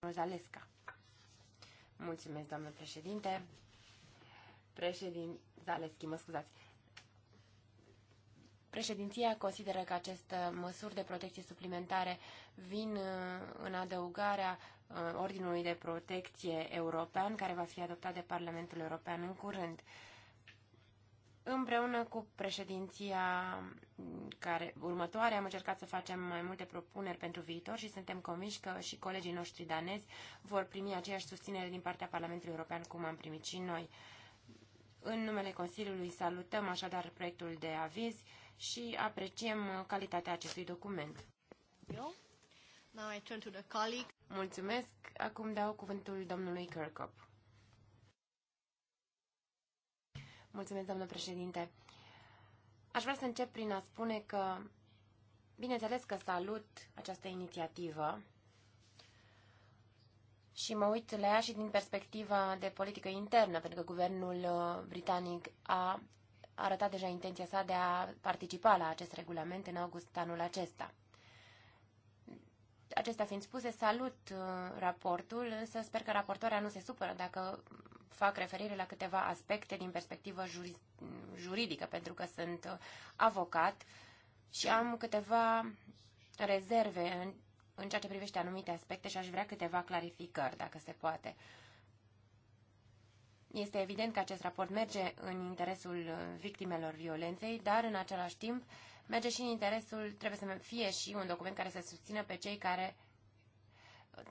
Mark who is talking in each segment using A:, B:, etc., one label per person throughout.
A: Rozalesca. Mulțumesc, doamnă președinte. Președinte Zaleschi, mă scuzați. Președinția consideră că aceste măsuri de protecție suplimentare vin uh, în adăugarea uh, Ordinului de Protecție European, care va fi adoptat de Parlamentul European în curând. Împreună cu președinția care, următoare am încercat să facem mai multe propuneri pentru viitor și suntem convinși că și colegii noștri danezi vor primi aceeași susținere din partea Parlamentului European cum am primit și noi. În numele Consiliului salutăm așadar proiectul de aviz și apreciem calitatea acestui document.
B: Eu? Now I turn to the colleague.
A: Mulțumesc. Acum dau cuvântul domnului Kirkhope. Mulțumesc, doamnă președinte. Aș vrea să încep prin a spune că, bineînțeles că salut această inițiativă și mă uit la ea și din perspectiva de politică internă, pentru că guvernul uh, britanic a arătat deja intenția sa de a participa la acest regulament în august anul acesta. Acestea fiind spuse, salut uh, raportul, însă sper că raportoarea nu se supără dacă fac referire la câteva aspecte din perspectivă juridică, pentru că sunt avocat și am câteva rezerve în, în ceea ce privește anumite aspecte și aș vrea câteva clarificări, dacă se poate. Este evident că acest raport merge în interesul victimelor violenței, dar în același timp merge și în interesul, trebuie să fie și un document care să susțină pe cei care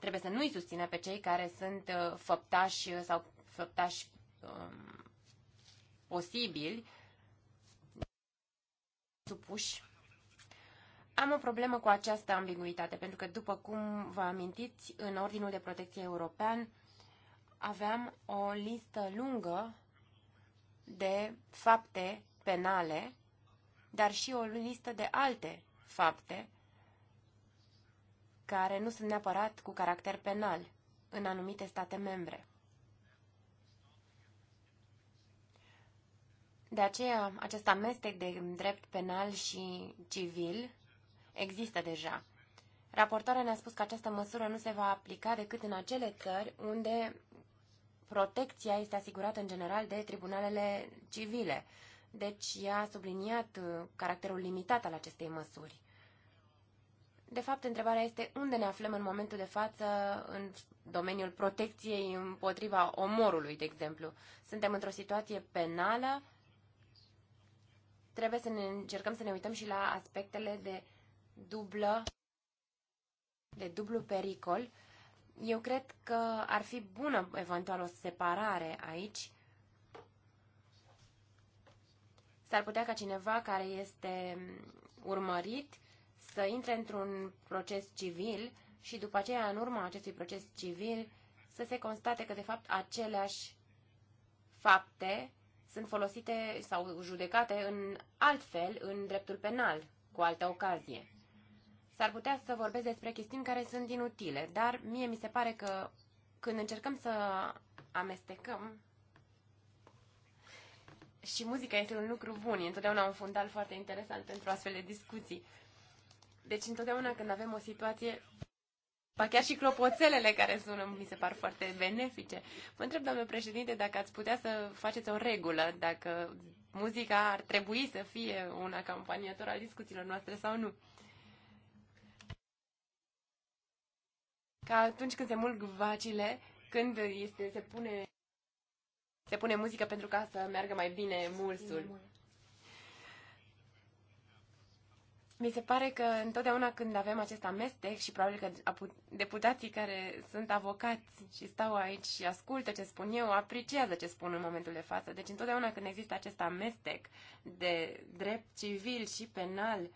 A: trebuie să nu-i susțină pe cei care sunt uh, făptași sau făptași um, posibili supuși. Am o problemă cu această ambiguitate, pentru că, după cum vă amintiți, în Ordinul de Protecție European aveam o listă lungă de fapte penale, dar și o listă de alte fapte care nu sunt neapărat cu caracter penal în anumite state membre. De aceea, acest amestec de drept penal și civil există deja. Raportoarea ne-a spus că această măsură nu se va aplica decât în acele țări unde protecția este asigurată în general de tribunalele civile. Deci ea a subliniat uh, caracterul limitat al acestei măsuri. De fapt, întrebarea este unde ne aflăm în momentul de față în domeniul protecției împotriva omorului, de exemplu. Suntem într-o situație penală trebuie să ne încercăm să ne uităm și la aspectele de dublă, de dublu pericol. Eu cred că ar fi bună eventual o separare aici. S-ar putea ca cineva care este urmărit să intre într-un proces civil și după aceea, în urma acestui proces civil, să se constate că, de fapt, aceleași fapte sunt folosite sau judecate în alt fel în dreptul penal, cu altă ocazie. S-ar putea să vorbesc despre chestiuni care sunt inutile, dar mie mi se pare că când încercăm să amestecăm și muzica este un lucru bun, e întotdeauna un fundal foarte interesant pentru astfel de discuții. Deci întotdeauna când avem o situație Ba chiar și clopoțelele care sună mi se par foarte benefice. Mă întreb, doamne președinte, dacă ați putea să faceți o regulă, dacă muzica ar trebui să fie un acompaniator al discuțiilor noastre sau nu. Ca atunci când se mulg vacile, când este, se pune se pune muzică pentru ca să meargă mai bine mulsul. Mi se pare că întotdeauna când avem acest amestec și probabil că deputații care sunt avocați și stau aici și ascultă ce spun eu, apreciază ce spun în momentul de față. Deci întotdeauna când există acest amestec de drept civil și penal,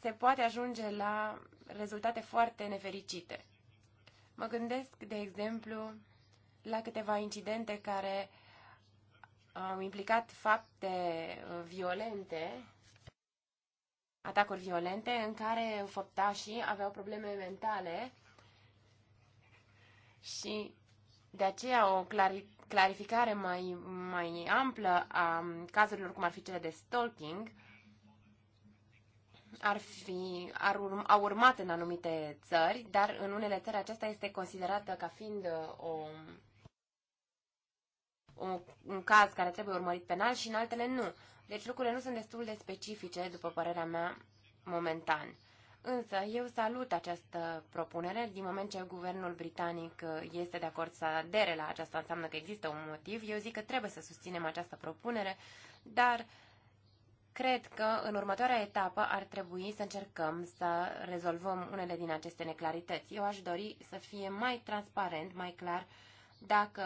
A: se poate ajunge la rezultate foarte nefericite. Mă gândesc, de exemplu, la câteva incidente care au implicat fapte uh, violente atacuri violente în care făptașii aveau probleme mentale și de aceea o clari- clarificare mai, mai amplă a cazurilor cum ar fi cele de stalking ar fi, ar urma, au urmat în anumite țări, dar în unele țări aceasta este considerată ca fiind uh, o un, un caz care trebuie urmărit penal și în altele nu. Deci lucrurile nu sunt destul de specifice, după părerea mea, momentan. Însă eu salut această propunere din moment ce guvernul britanic uh, este de acord să adere la aceasta, înseamnă că există un motiv. Eu zic că trebuie să susținem această propunere, dar cred că în următoarea etapă ar trebui să încercăm să rezolvăm unele din aceste neclarități. Eu aș dori să fie mai transparent, mai clar dacă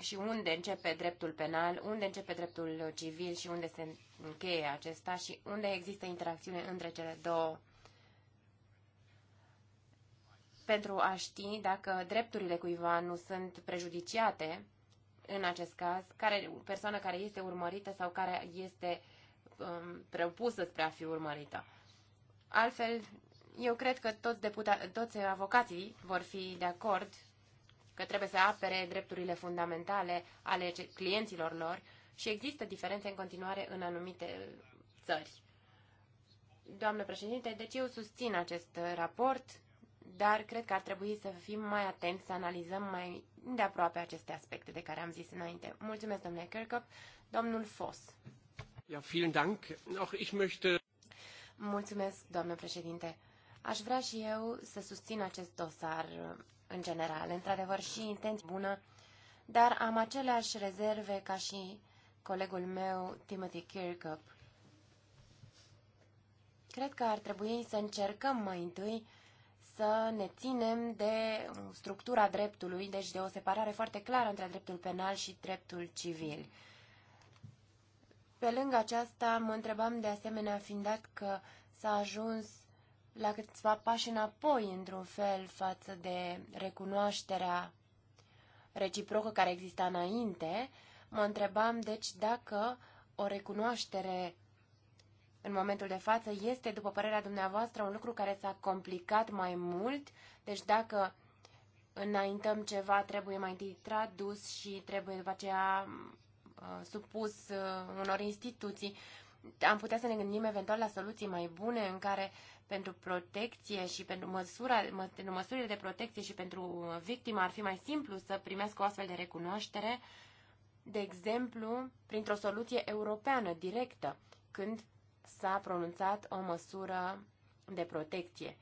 A: și unde începe dreptul penal, unde începe dreptul civil și unde se încheie acesta și unde există interacțiune între cele două pentru a ști dacă drepturile cuiva nu sunt prejudiciate în acest caz, care persoană care este urmărită sau care este um, propusă spre a fi urmărită. Altfel, eu cred că toți, deputa- toți avocații vor fi de acord că trebuie să apere drepturile fundamentale ale clienților lor și există diferențe în continuare în anumite țări. Doamnă președinte, deci eu susțin acest raport, dar cred că ar trebui să fim mai atenți, să analizăm mai de aproape aceste aspecte de care am zis înainte. Mulțumesc, domnule Kirkup. Domnul Foss.
B: Ja, vielen Dank. Auch ich möchte...
A: Mulțumesc, doamnă președinte. Aș vrea și eu să susțin acest dosar în general. Într-adevăr, și intenție bună, dar am aceleași rezerve ca și colegul meu, Timothy Kirkup. Cred că ar trebui să încercăm mai întâi să ne ținem de structura dreptului, deci de o separare foarte clară între dreptul penal și dreptul civil. Pe lângă aceasta, mă întrebam de asemenea, fiind dat că s-a ajuns la câțiva pași înapoi, într-un fel, față de recunoașterea reciprocă care exista înainte, mă întrebam, deci, dacă o recunoaștere în momentul de față este, după părerea dumneavoastră, un lucru care s-a complicat mai mult, deci dacă înaintăm ceva, trebuie mai întâi tradus și trebuie după aceea uh, supus uh, unor instituții. Am putea să ne gândim eventual la soluții mai bune în care pentru protecție și pentru, măsura, mă, pentru măsurile de protecție și pentru victimă ar fi mai simplu să primească o astfel de recunoaștere, de exemplu, printr-o soluție europeană directă, când s-a pronunțat o măsură de protecție.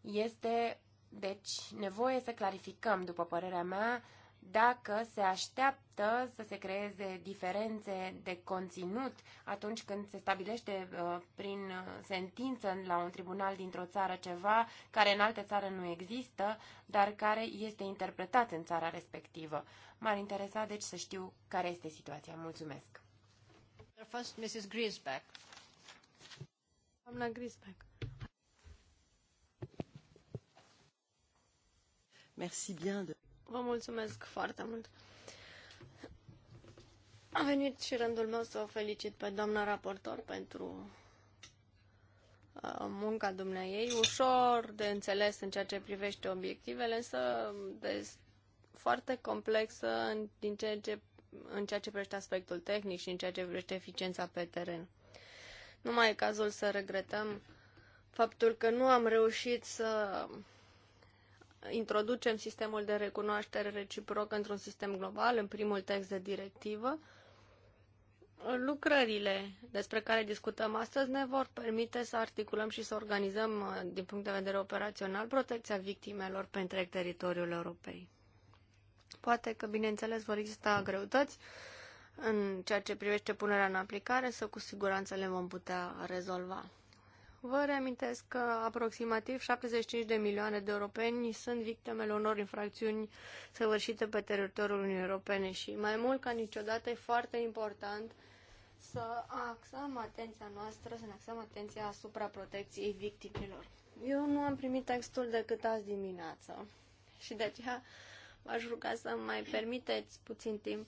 A: Este, deci, nevoie să clarificăm, după părerea mea, dacă se așteaptă să se creeze diferențe de conținut atunci când se stabilește uh, prin uh, sentință la un tribunal dintr-o țară ceva care în altă țară nu există, dar care este interpretat în țara respectivă. M-ar interesa deci să știu care este situația. Mulțumesc.
B: First, Mrs. Griesbeck. Doamna Griesbeck.
C: Merci bien de
B: Vă mulțumesc foarte mult. A venit și rândul meu să o felicit pe doamna raportor pentru uh, munca ei, ușor de înțeles în ceea ce privește obiectivele, însă de, foarte complexă în, din ceea ce, în ceea ce privește aspectul tehnic și în ceea ce privește eficiența pe teren. Nu mai e cazul să regretăm faptul că nu am reușit să introducem sistemul de recunoaștere reciprocă într-un sistem global, în primul text de directivă, lucrările despre care discutăm astăzi ne vor permite să articulăm și să organizăm, uh, din punct de vedere operațional, protecția victimelor pe întreg teritoriul Europei. Poate că, bineînțeles, vor exista greutăți în ceea ce privește punerea în aplicare, să cu siguranță le vom putea rezolva. Vă reamintesc că aproximativ 75 de milioane de europeni sunt victimele unor infracțiuni săvârșite pe teritoriul Uniunii Europene și mai mult ca niciodată e foarte important să axăm atenția noastră, să ne axăm atenția asupra protecției victimelor. Eu nu am primit textul decât azi dimineață și de aceea v-aș ruga să mai permiteți puțin timp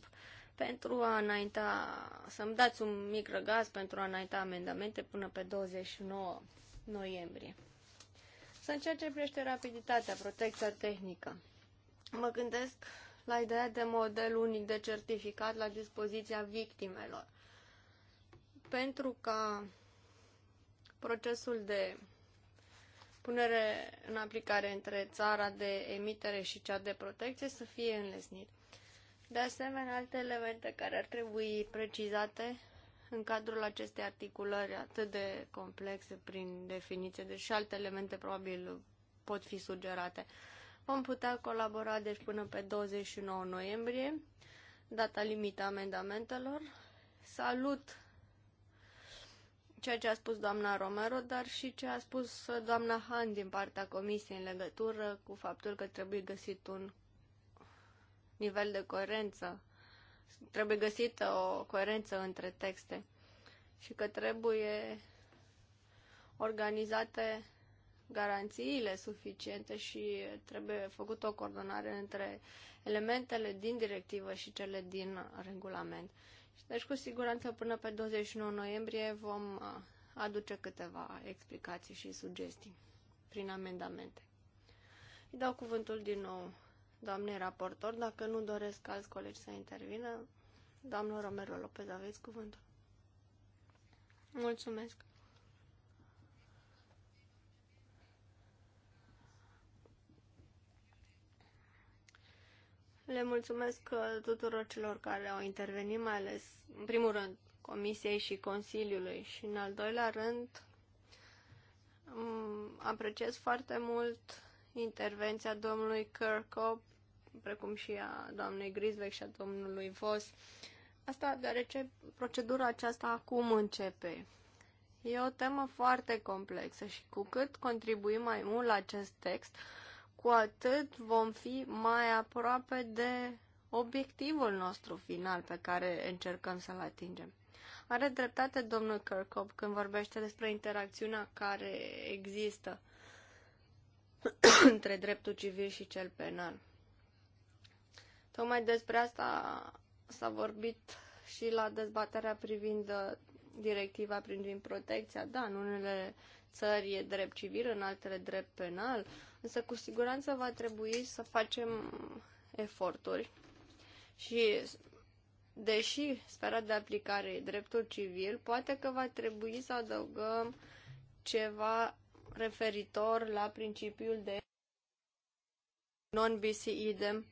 B: pentru a înainta, să-mi dați un mic răgaz pentru a înainta amendamente până pe 29 noiembrie. Să încerce prește rapiditatea, protecția tehnică. Mă gândesc la ideea de model unic de certificat la dispoziția victimelor. Pentru ca procesul de punere în aplicare între țara de emitere și cea de protecție să fie înlesnit. De asemenea, alte elemente care ar trebui precizate în cadrul acestei articulări atât de complexe prin definiție, deci alte elemente probabil pot fi sugerate. Vom putea colabora deci până pe 29 noiembrie, data limită amendamentelor. Salut ceea ce a spus doamna Romero, dar și ce a spus doamna Han din partea comisiei în legătură cu faptul că trebuie găsit un nivel de coerență. Trebuie găsită o coerență între texte și că trebuie organizate garanțiile suficiente și trebuie făcută o coordonare între elementele din directivă și cele din regulament. Deci, cu siguranță, până pe 21 noiembrie vom aduce câteva explicații și sugestii prin amendamente. Îi dau cuvântul din nou doamnei raportor. Dacă nu doresc alți colegi să intervină, doamnă Romero Lopez, aveți cuvântul. Mulțumesc. Le mulțumesc uh, tuturor celor care au intervenit, mai ales, în primul rând, Comisiei și Consiliului și, în al doilea rând, mm, apreciez foarte mult intervenția domnului Kirkhope precum și a doamnei Grisbeck și a domnului Vos. Asta deoarece procedura aceasta acum începe. E o temă foarte complexă și cu cât contribuim mai mult la acest text, cu atât vom fi mai aproape de obiectivul nostru final pe care încercăm să-l atingem. Are dreptate domnul Kirkhope când vorbește despre interacțiunea care există între dreptul civil și cel penal. Tocmai despre asta s-a vorbit și la dezbaterea privind uh, directiva privind protecția. Da, în unele țări e drept civil, în altele drept penal, însă cu siguranță va trebui să facem eforturi și deși sfera de aplicare e dreptul civil, poate că va trebui să adăugăm ceva referitor la principiul de non bis idem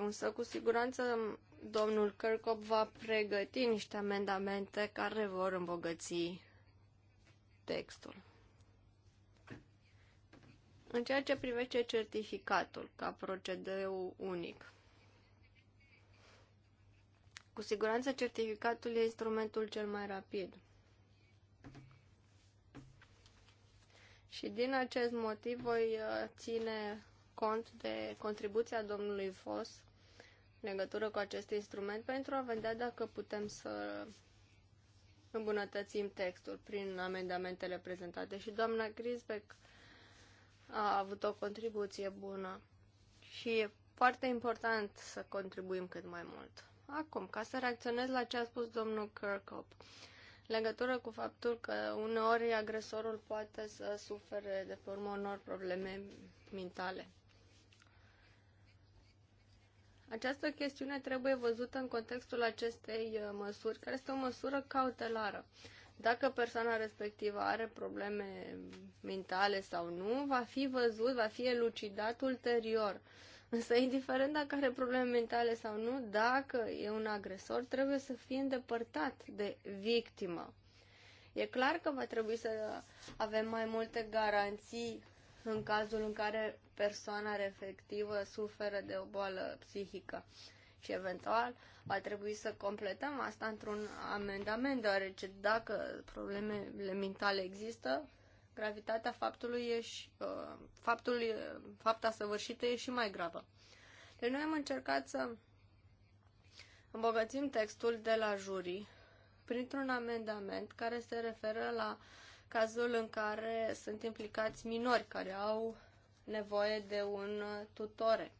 B: Însă, cu siguranță, domnul Kirkop va pregăti niște amendamente care vor îmbogăți textul. În ceea ce privește certificatul ca procedeu unic, cu siguranță certificatul e instrumentul cel mai rapid. Și din acest motiv voi uh, ține cont de contribuția domnului Fos în legătură cu acest instrument pentru a vedea dacă putem să îmbunătățim textul prin amendamentele prezentate și doamna Grisbeck a avut o contribuție bună și e foarte important să contribuim cât mai mult. Acum, ca să reacționez la ce a spus domnul Kirkhope, în legătură cu faptul că uneori agresorul poate să sufere de pe urmă unor probleme mentale. Această chestiune trebuie văzută în contextul acestei uh, măsuri, care este o măsură cautelară. Dacă persoana respectivă are probleme mentale sau nu, va fi văzut, va fi elucidat ulterior. Însă, indiferent dacă are probleme mentale sau nu, dacă e un agresor, trebuie să fie îndepărtat de victimă. E clar că va trebui să avem mai multe garanții în cazul în care persoana respectivă suferă de o boală psihică. Și eventual va trebui să completăm asta într-un amendament, deoarece dacă problemele mentale există, gravitatea faptului e și, uh, faptul, fapta săvârșită e și mai gravă. Deci noi am încercat să îmbogățim textul de la jurii printr-un amendament care se referă la cazul în care sunt implicați minori care au nevoie de un tutore.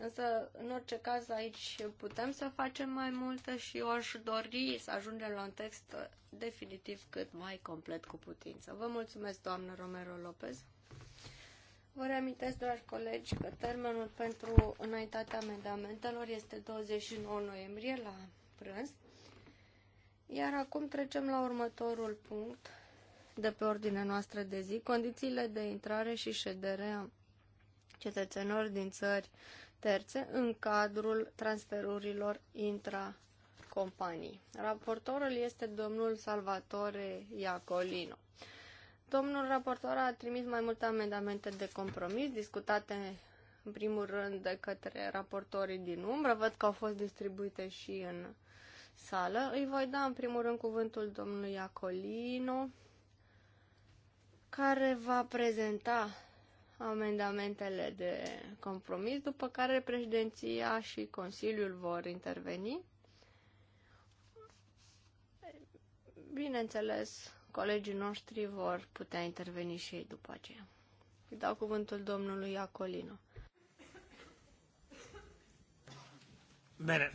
B: Însă, în orice caz, aici putem să facem mai multe și eu aș dori să ajungem la un text definitiv cât mai complet cu putință. Vă mulțumesc, doamnă Romero Lopez. Vă reamintesc, dragi colegi, că termenul pentru înaintatea amendamentelor este 29 noiembrie la prânz. Iar acum trecem la următorul punct de pe ordinea noastră de zi, condițiile de intrare și ședere a cetățenilor din țări terțe în cadrul transferurilor intra-companii. Raportorul este domnul Salvatore Iacolino. Domnul raportor a trimis mai multe amendamente de compromis discutate în primul rând de către raportorii din umbră. Văd că au fost distribuite și în sală. Îi voi da în primul rând cuvântul domnului Acolino, care va prezenta amendamentele de compromis, după care președinția și Consiliul vor interveni. Bineînțeles, colegii noștri vor putea interveni și ei după aceea. Îi dau cuvântul domnului Acolino.
C: Bine,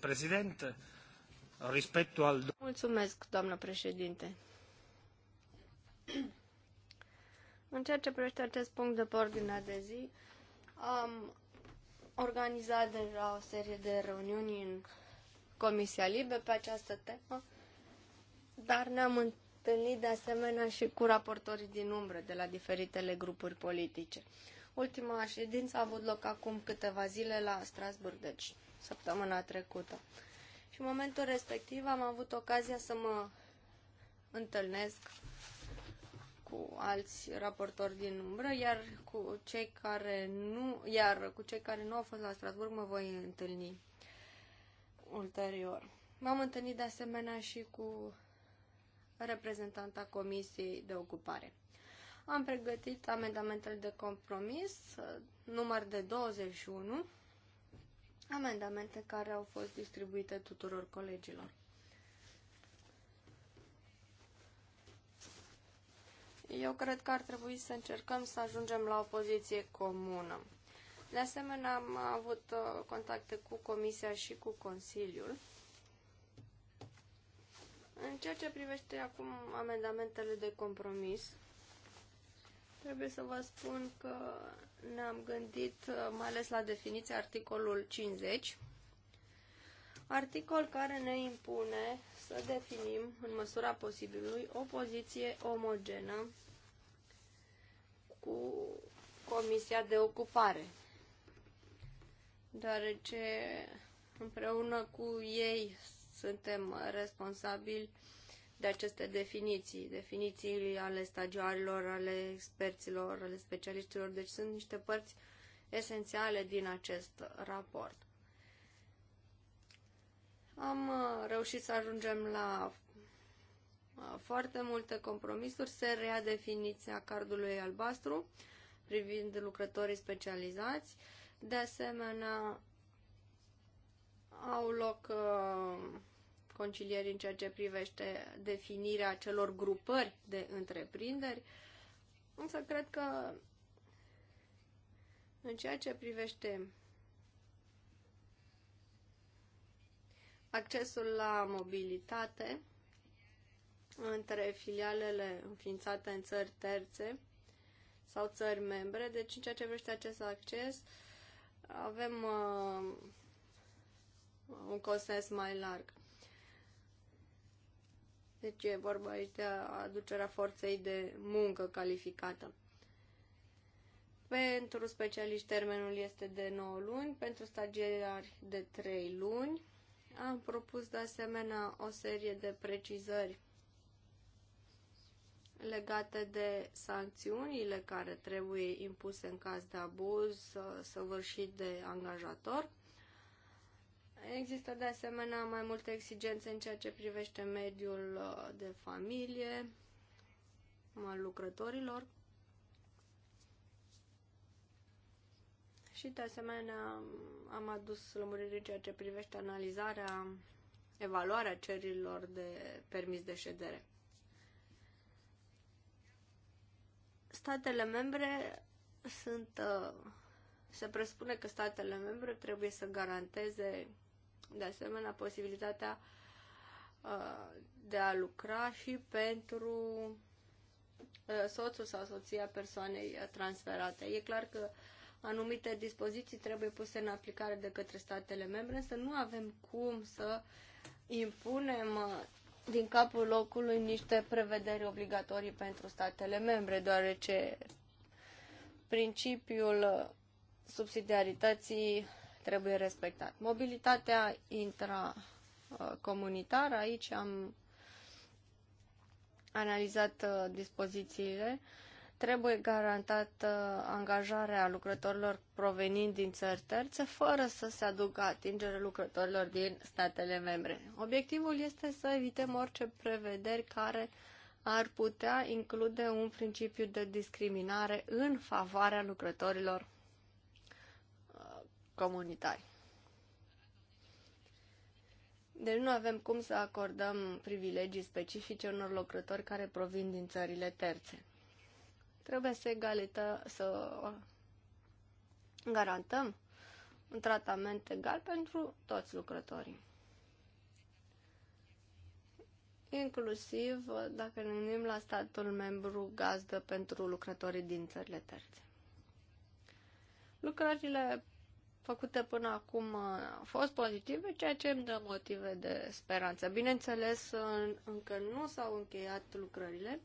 C: președinte. Respectul
B: Mulțumesc, președinte. În ceea ce privește acest punct de pe ordinea de zi, am organizat deja o serie de reuniuni în Comisia Libe pe această temă, dar ne-am întâlnit de asemenea și cu raportorii din umbră de la diferitele grupuri politice. Ultima ședință a avut loc acum câteva zile la Strasburg, deci săptămâna trecută. Și în momentul respectiv am avut ocazia să mă întâlnesc cu alți raportori din umbră, iar cu cei care nu, iar cu cei care nu au fost la Strasburg mă voi întâlni ulterior. M-am întâlnit de asemenea și cu reprezentanta Comisiei de Ocupare. Am pregătit amendamentele de compromis, număr de 21, amendamente care au fost distribuite tuturor colegilor. Eu cred că ar trebui să încercăm să ajungem la o poziție comună. De asemenea, am avut uh, contacte cu Comisia și cu Consiliul. În ceea ce privește acum amendamentele de compromis, trebuie să vă spun că ne-am gândit uh, mai ales la definiția articolul 50, articol care ne impune să definim, în măsura posibilului, o poziție omogenă cu Comisia de Ocupare, deoarece împreună cu ei suntem responsabili de aceste definiții, definiții ale stagiarilor, ale experților, ale specialiștilor. Deci sunt niște părți esențiale din acest raport. Am uh, reușit să ajungem la uh, foarte multe compromisuri. Se rea definiția cardului albastru privind lucrătorii specializați. De asemenea, au loc uh, concilieri în ceea ce privește definirea celor grupări de întreprinderi, însă cred că în ceea ce privește accesul la mobilitate între filialele înființate în țări terțe sau țări membre, deci în ceea ce privește acest acces, avem uh, un consens mai larg. Deci e vorba aici de aducerea forței de muncă calificată. Pentru specialiști termenul este de 9 luni, pentru stagiari de 3 luni. Am propus de asemenea o serie de precizări legate de sancțiunile care trebuie impuse în caz de abuz săvârșit de angajator. Există de asemenea mai multe exigențe în ceea ce privește mediul uh, de familie al lucrătorilor și de asemenea am adus lămuriri în ceea ce privește analizarea, evaluarea cererilor de permis de ședere. Statele membre sunt uh, se presupune că statele membre trebuie să garanteze de asemenea posibilitatea uh, de a lucra și pentru uh, soțul sau soția persoanei uh, transferate. E clar că anumite dispoziții trebuie puse în aplicare de către statele membre, însă nu avem cum să impunem din capul locului niște prevederi obligatorii pentru statele membre, deoarece principiul subsidiarității trebuie respectat. Mobilitatea intracomunitară, aici am analizat uh, dispozițiile, trebuie garantată angajarea lucrătorilor provenind din țări terțe, fără să se aducă atingere lucrătorilor din statele membre. Obiectivul este să evităm orice prevederi care ar putea include un principiu de discriminare în favoarea lucrătorilor comunitari. Deci nu avem cum să acordăm privilegii specifice unor lucrători care provin din țările terțe. Trebuie să egalită, să garantăm un tratament egal pentru toți lucrătorii. Inclusiv dacă ne gândim la statul membru gazdă pentru lucrătorii din țările terțe. Lucrările făcute până acum uh, au fost pozitive, ceea ce îmi dă motive de speranță. Bineînțeles, uh, încă nu s-au încheiat lucrările,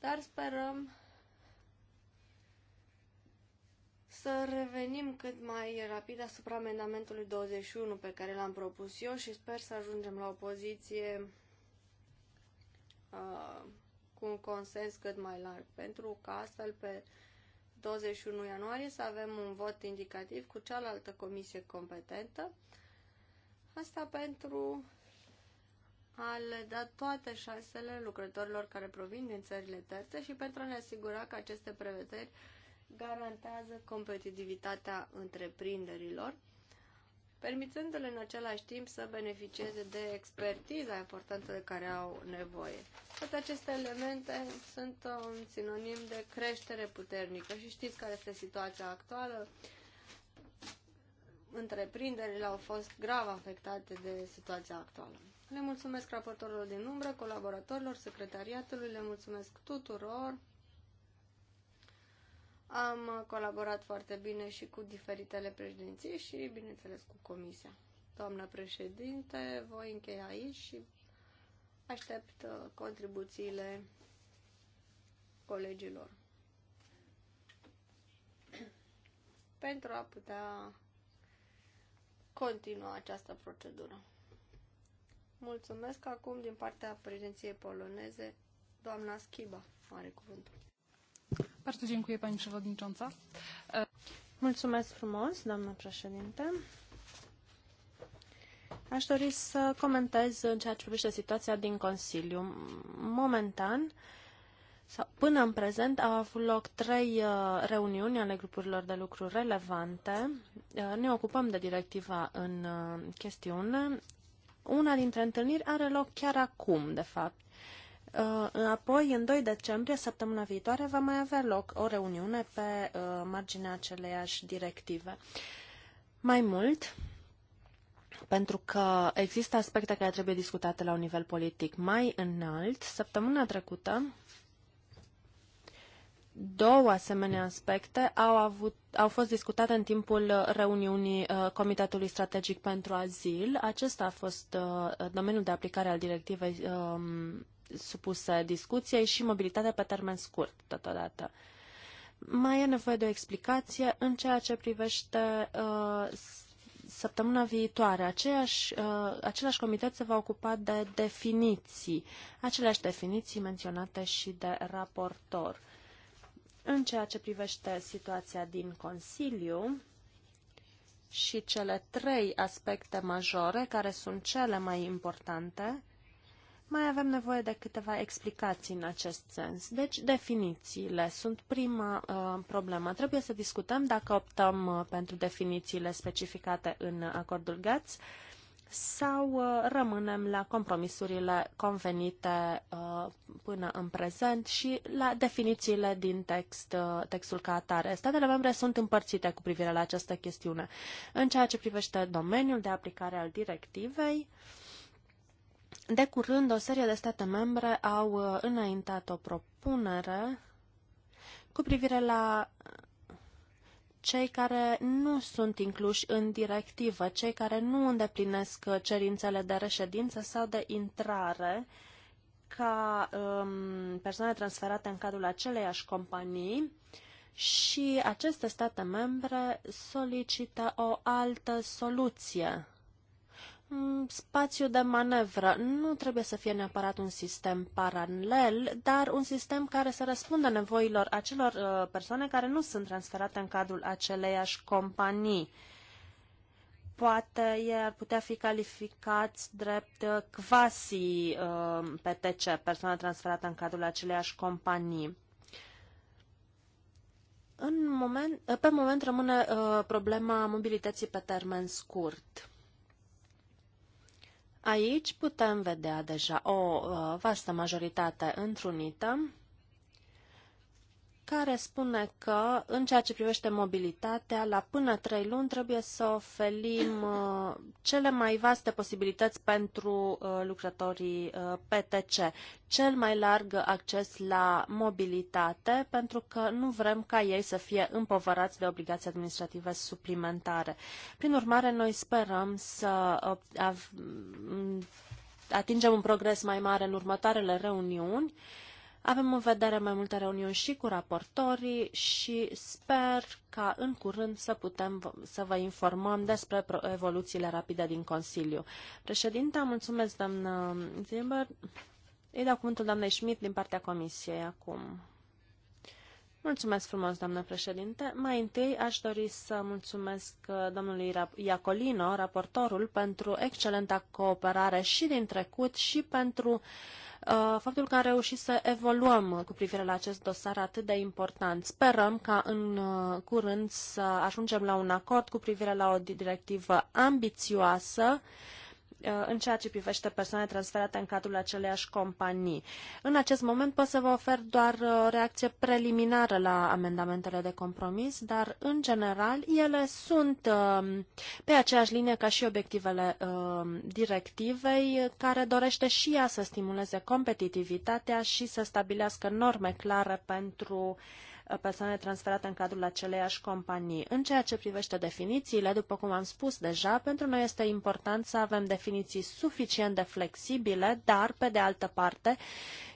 B: dar sperăm să revenim cât mai rapid asupra amendamentului 21 pe care l-am propus eu și sper să ajungem la o poziție uh, cu un consens cât mai larg, pentru că astfel pe 21 ianuarie să avem un vot indicativ cu cealaltă comisie competentă. Asta pentru a le da toate șansele lucrătorilor care provin din țările terțe și pentru a ne asigura că aceste prevederi garantează competitivitatea întreprinderilor permițându-le în același timp să beneficieze de expertiza importantă de care au nevoie. Toate aceste elemente sunt un um, sinonim de creștere puternică și știți care este situația actuală. Întreprinderile au fost grav afectate de situația actuală. Le mulțumesc raportorilor din umbră, colaboratorilor, secretariatului, le mulțumesc tuturor am colaborat foarte bine și cu diferitele președinții și, bineînțeles, cu Comisia. Doamna președinte, voi încheia aici și aștept uh, contribuțiile colegilor pentru a putea continua această procedură. Mulțumesc acum din partea președinției poloneze, doamna Schiba are cuvântul.
C: Bardzo dziękuję Pani Przewodnicząca. Mulțumesc frumos, doamnă președinte. Aș dori să comentez în ceea ce privește situația din Consiliu. Momentan, sau până în prezent, au avut loc trei uh, reuniuni ale grupurilor de lucru relevante. Uh, ne ocupăm de directiva în uh, chestiune. Una dintre întâlniri are loc chiar acum, de fapt. Uh, Apoi, în 2 decembrie, săptămâna viitoare, va mai avea loc o reuniune pe uh, marginea aceleiași directive. Mai mult, pentru că există aspecte care trebuie discutate la un nivel politic mai înalt, săptămâna trecută, două asemenea aspecte au, avut, au fost discutate în timpul reuniunii uh, Comitetului Strategic pentru Azil. Acesta a fost domeniul de aplicare al directivei um, supusă discuției și mobilitatea pe termen scurt totodată. Mai e nevoie de o explicație în ceea ce privește uh, săptămâna viitoare. Aceeași, uh, același comitet se va ocupa de definiții, aceleași definiții menționate și de raportor. În ceea ce privește situația din Consiliu, și cele trei aspecte majore, care sunt cele mai importante, mai avem nevoie de câteva explicații în acest sens. Deci, definițiile sunt prima uh, problemă. Trebuie să discutăm dacă optăm uh, pentru definițiile specificate în acordul GATS sau uh, rămânem la compromisurile convenite uh, până în prezent și la definițiile din text, uh, textul ca atare. Statele membre sunt împărțite cu privire la această chestiune. În ceea ce privește domeniul de aplicare al directivei, uh, de curând, o serie de state membre au uh, înaintat o propunere cu privire la cei care nu sunt incluși în directivă, cei care nu îndeplinesc uh, cerințele de reședință sau de intrare ca um, persoane transferate în cadrul aceleiași companii și aceste state membre solicită o altă soluție Mm, spațiu de manevră. Nu trebuie să fie neapărat un sistem paralel, dar un sistem care să răspundă nevoilor acelor uh, persoane care nu sunt transferate în cadrul aceleiași companii. Poate ei ar putea fi calificați drept uh, quasi uh, PTC, persoană transferată în cadrul aceleiași companii. În moment, pe moment rămâne problema mobilității pe termen scurt. Aici putem vedea deja o uh, vastă majoritate întrunită care spune că, în ceea ce privește mobilitatea, la până trei luni trebuie să oferim uh, cele mai vaste posibilități pentru uh, lucrătorii uh, PTC, cel mai larg acces la mobilitate, pentru că nu vrem ca ei să fie împovărați de obligații administrative suplimentare. Prin urmare, noi sperăm să atingem un progres mai mare în următoarele reuniuni, avem în vedere mai multe reuniuni și cu raportorii și sper ca în curând să putem să vă informăm despre evoluțiile rapide din Consiliu. Președinte, mulțumesc, doamnă Zimber. Îi dau cuvântul doamnei Schmidt din partea Comisiei acum. Mulțumesc frumos, doamnă președinte. Mai întâi aș dori să mulțumesc uh, domnului Iacolino, raportorul, pentru excelenta cooperare și din trecut și pentru Uh, faptul că am reușit să evoluăm cu privire la acest dosar atât de important. Sperăm ca în uh, curând să ajungem la un acord cu privire la o directivă ambițioasă, uh, Uh, în ceea ce privește persoane transferate în cadrul aceleiași companii. În acest moment pot să vă ofer doar uh, o reacție preliminară la amendamentele de compromis, dar în general ele sunt um, pe aceeași linie ca și obiectivele um, directivei, care dorește și ea să stimuleze competitivitatea și să stabilească norme clare pentru persoane transferate în cadrul aceleiași companii. În ceea ce privește definițiile, după cum am spus deja, pentru noi este important să avem definiții suficient de flexibile, dar, pe de altă parte,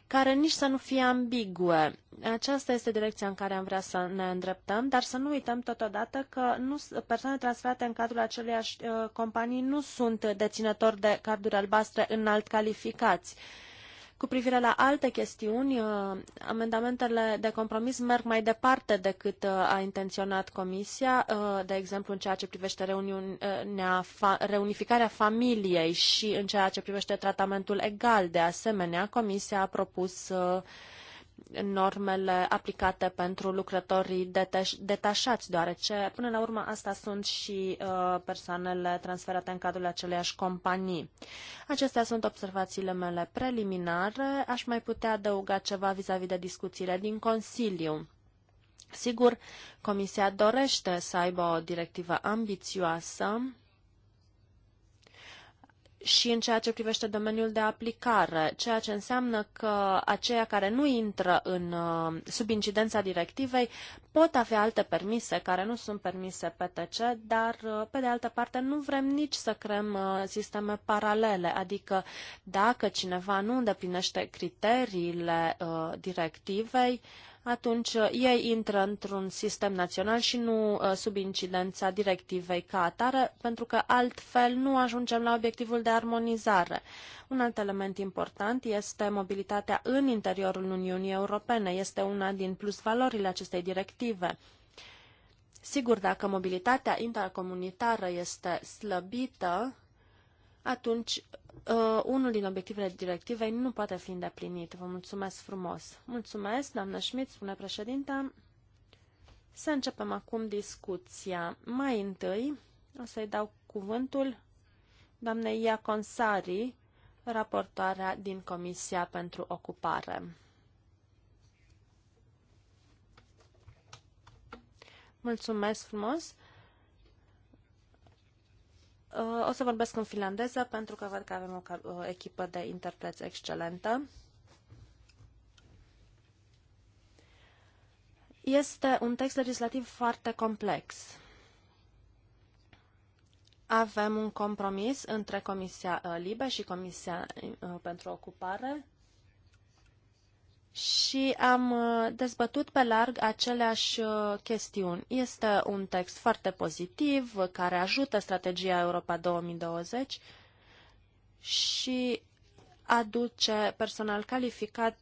C: care nici să nu fie ambigue. Aceasta este direcția în care am vrea să ne îndreptăm, dar să nu uităm totodată că nu, persoane transferate în cadrul aceleiași uh, companii nu sunt deținători de carduri albastre înalt calificați. Uh, cu privire la alte chestiuni, uh, amendamentele de compromis merg mai departe decât uh, a intenționat Comisia, uh, de exemplu în ceea ce privește reuniunea, reunificarea familiei și în ceea ce privește tratamentul egal. De asemenea, Comisia a propus normele aplicate pentru lucrătorii detașați, deoarece până la urmă asta sunt și uh, persoanele transferate în cadrul aceleiași companii. Acestea sunt observațiile mele preliminare. Aș mai putea adăuga ceva vis-a-vis -vis de discuțiile din Consiliu. Sigur, Comisia dorește să aibă o directivă ambițioasă, și în ceea ce privește domeniul de aplicare, ceea ce înseamnă că aceia care nu intră în, uh, sub incidența directivei pot avea alte permise care nu sunt permise PTC, dar uh, pe de altă parte nu vrem nici să creăm uh, sisteme paralele, adică dacă cineva nu îndeplinește criteriile directivei, atunci uh, ei intră într-un sistem național și nu uh, sub incidența directivei ca atare, pentru că altfel nu ajungem la obiectivul de armonizare. Un alt element important este mobilitatea în interiorul Uniunii Europene. Este una din plusvalorile acestei directive. Sigur, dacă mobilitatea intercomunitară este slăbită, atunci uh, unul din obiectivele directivei nu poate fi îndeplinit. Vă mulțumesc frumos. Mulțumesc, doamnă Schmidt, spune președinta. Să începem acum discuția. Mai întâi o să-i dau cuvântul doamnei Iaconsari, raportoarea din Comisia pentru Ocupare. Mulțumesc frumos. Uh, o să vorbesc în finlandeză pentru că văd că avem o echipă de interpreți excelentă. Este un text legislativ foarte complex. Avem un compromis între Comisia uh, Libe și Comisia uh, pentru Ocupare și am uh, dezbătut pe larg aceleași uh, chestiuni. Este un text foarte pozitiv, uh, care ajută strategia Europa 2020 și aduce personal calificat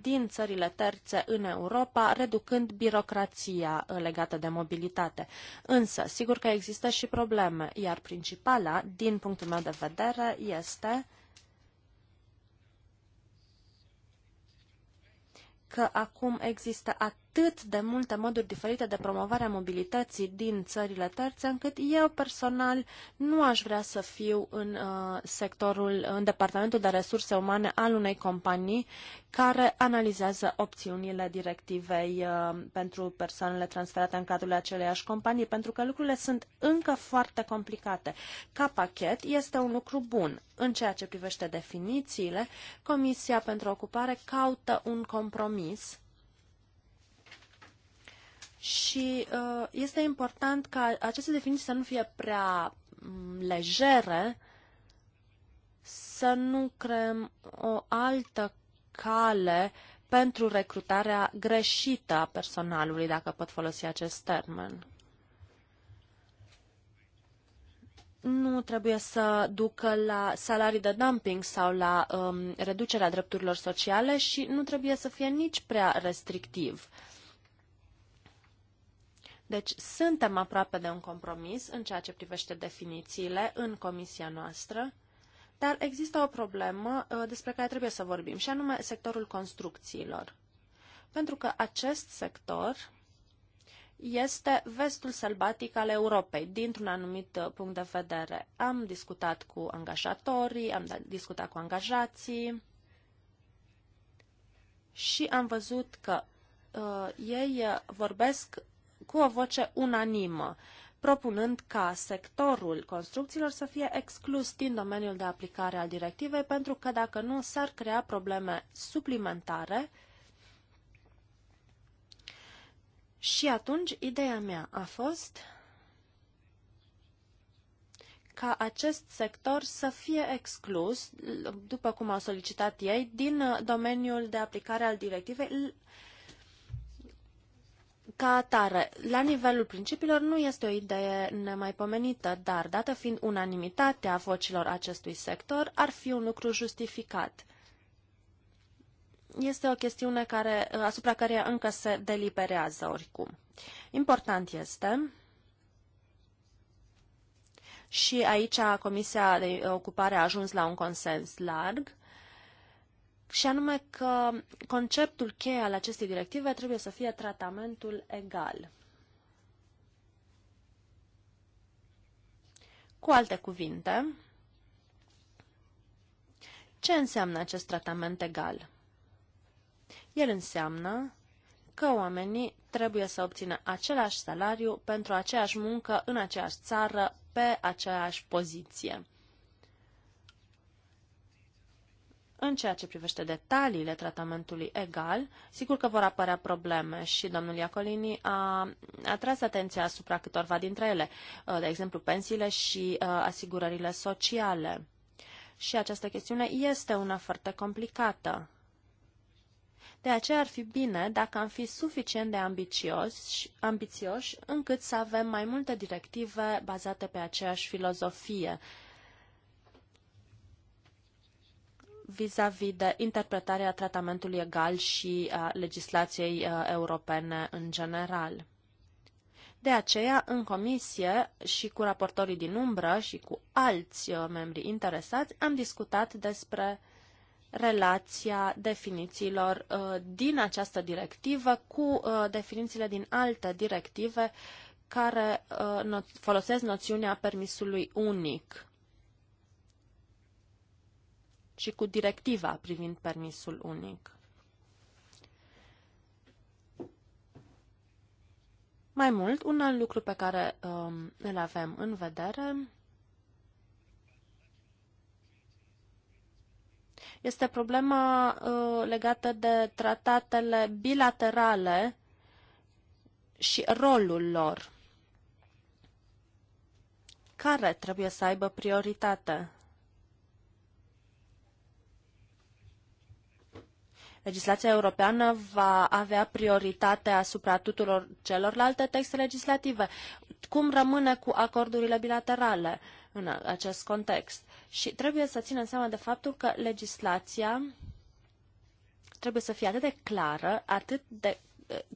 C: din țările terțe în Europa, reducând birocrația legată de mobilitate. Însă, sigur că există și probleme, iar principala, din punctul meu de vedere, este că acum există atât de multe moduri diferite de promovare a mobilității din țările terțe, încât eu personal nu aș vrea să fiu în uh, sectorul, în departamentul de resurse umane al unei companii care analizează opțiunile directivei uh, pentru persoanele transferate în cadrul aceleiași companii, pentru că lucrurile sunt încă foarte complicate. Ca pachet este un lucru bun. În ceea ce privește definițiile, Comisia pentru Ocupare caută un compromis și uh, este important ca aceste definiții să nu fie prea mm, legere, să nu creăm o altă cale pentru recrutarea greșită a personalului, dacă pot folosi acest termen. nu trebuie să ducă la salarii de dumping sau la um, reducerea drepturilor sociale și nu trebuie să fie nici prea restrictiv. Uh, deci suntem aproape de un compromis în ceea ce privește definițiile în comisia noastră, dar există o problemă uh, despre care trebuie să vorbim, și anume sectorul construcțiilor. Pentru că acest sector este vestul sălbatic al Europei, dintr-un anumit uh, punct de vedere. Am discutat cu angajatorii, am da, discutat cu angajații și am văzut că uh, ei uh, vorbesc cu o voce unanimă, propunând ca sectorul construcțiilor să fie exclus din domeniul de aplicare al directivei, pentru că dacă nu s-ar crea probleme suplimentare și atunci ideea mea a fost ca acest sector să fie exclus, după cum au solicitat ei, din domeniul de aplicare al directivei ca atare, la nivelul principiilor nu este o idee nemaipomenită, dar, dată fiind unanimitatea vocilor acestui sector, ar fi un lucru justificat. Este o chestiune care, asupra care încă se deliberează oricum. Important este și aici Comisia de Ocupare a ajuns la un consens larg, și anume că conceptul cheie al acestei directive trebuie să fie tratamentul egal. Cu alte cuvinte, ce înseamnă acest tratament egal? El înseamnă că oamenii trebuie să obțină același salariu pentru aceeași muncă în aceeași țară, pe aceeași poziție. În ceea ce privește detaliile tratamentului egal, sigur că vor apărea probleme și domnul Iacolini a atras atenția asupra câtorva dintre ele, uh, de exemplu pensiile și uh, asigurările sociale. Și această chestiune este una foarte complicată. De aceea ar fi bine dacă am fi suficient de ambițioși, ambițioși încât să avem mai multe directive bazate pe aceeași filozofie vis-a-vis -vis de interpretarea tratamentului egal și a uh, legislației uh, europene în general. De aceea, în comisie și cu raportorii din umbră și cu alți uh, membri interesați, am discutat despre relația definițiilor din această directivă cu definițiile din alte directive care folosesc noțiunea permisului unic și cu directiva privind permisul unic. Mai mult, un alt lucru pe care um, îl avem în vedere este problema uh, legată de tratatele bilaterale și rolul lor. Care trebuie să aibă prioritate? legislația europeană va avea prioritate asupra tuturor celorlalte texte legislative. Cum rămâne cu acordurile bilaterale în acest context? Și trebuie să ținem seama de faptul că legislația trebuie să fie atât de clară, atât de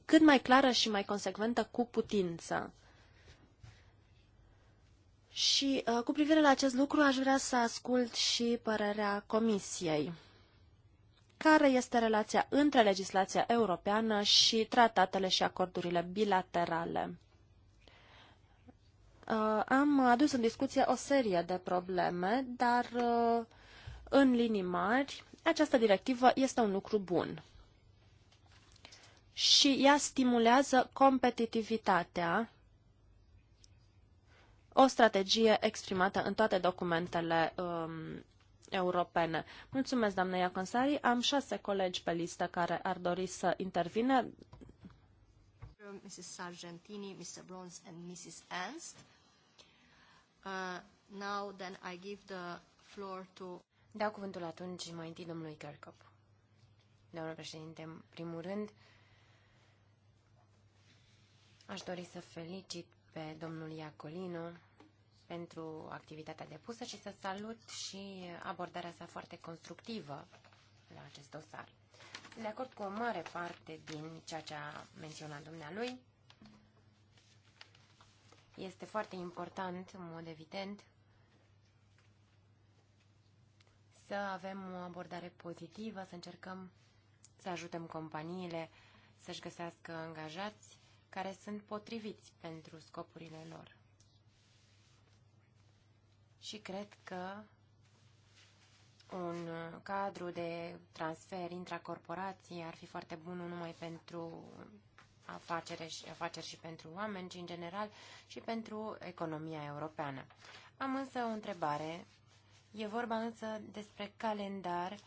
C: cât mai clară și mai consecventă cu putință. Și uh, cu privire la acest lucru aș vrea să ascult și părerea Comisiei care este relația între legislația europeană și tratatele și acordurile bilaterale. Uh, am adus în discuție o serie de probleme, dar uh, în linii mari, această directivă este un lucru bun. Și ea stimulează competitivitatea, o strategie exprimată în toate documentele um, europene. Mulțumesc, doamna Iaconsari. Am șase colegi pe listă care ar dori să intervină.
A: Mrs. Sargentini, Mr. Bronze and Mrs. Ernst. Uh, now then I give the floor to... Dau cuvântul atunci mai întâi domnului Kirkhope. Domnul președinte, în primul rând, aș dori să felicit pe domnul Iacolino pentru activitatea depusă și să salut și abordarea sa foarte constructivă la acest dosar. De acord cu o mare parte din ceea ce a menționat dumnealui, este foarte important, în mod evident, să avem o abordare pozitivă, să încercăm să ajutăm companiile să-și găsească angajați care sunt potriviți pentru scopurile lor și cred că un cadru de transfer intracorporații ar fi foarte bun nu numai pentru afaceri și, afaceri și pentru oameni, ci în general și pentru economia europeană. Am însă o întrebare. E vorba însă despre calendar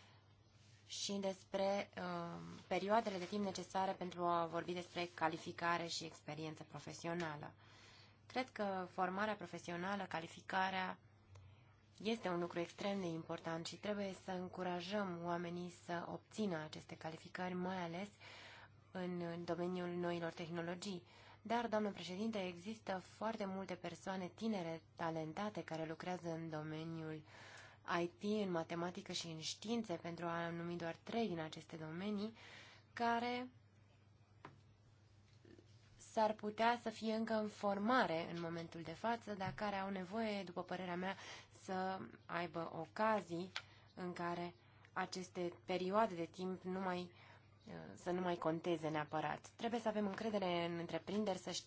A: și despre uh, perioadele de timp necesare pentru a vorbi despre calificare și experiență profesională. Cred că formarea profesională, calificarea este un lucru extrem de important și trebuie să încurajăm oamenii să obțină aceste calificări, mai ales în domeniul noilor tehnologii. Dar, doamnă președinte, există foarte multe persoane tinere, talentate, care lucrează în domeniul IT, în matematică și în științe, pentru a numi doar trei din aceste domenii, care s-ar putea să fie încă în formare în momentul de față, dar care au nevoie, după părerea mea, să aibă ocazii în care aceste perioade de timp nu mai, uh, să nu mai conteze neapărat. Trebuie să avem încredere în întreprinderi, să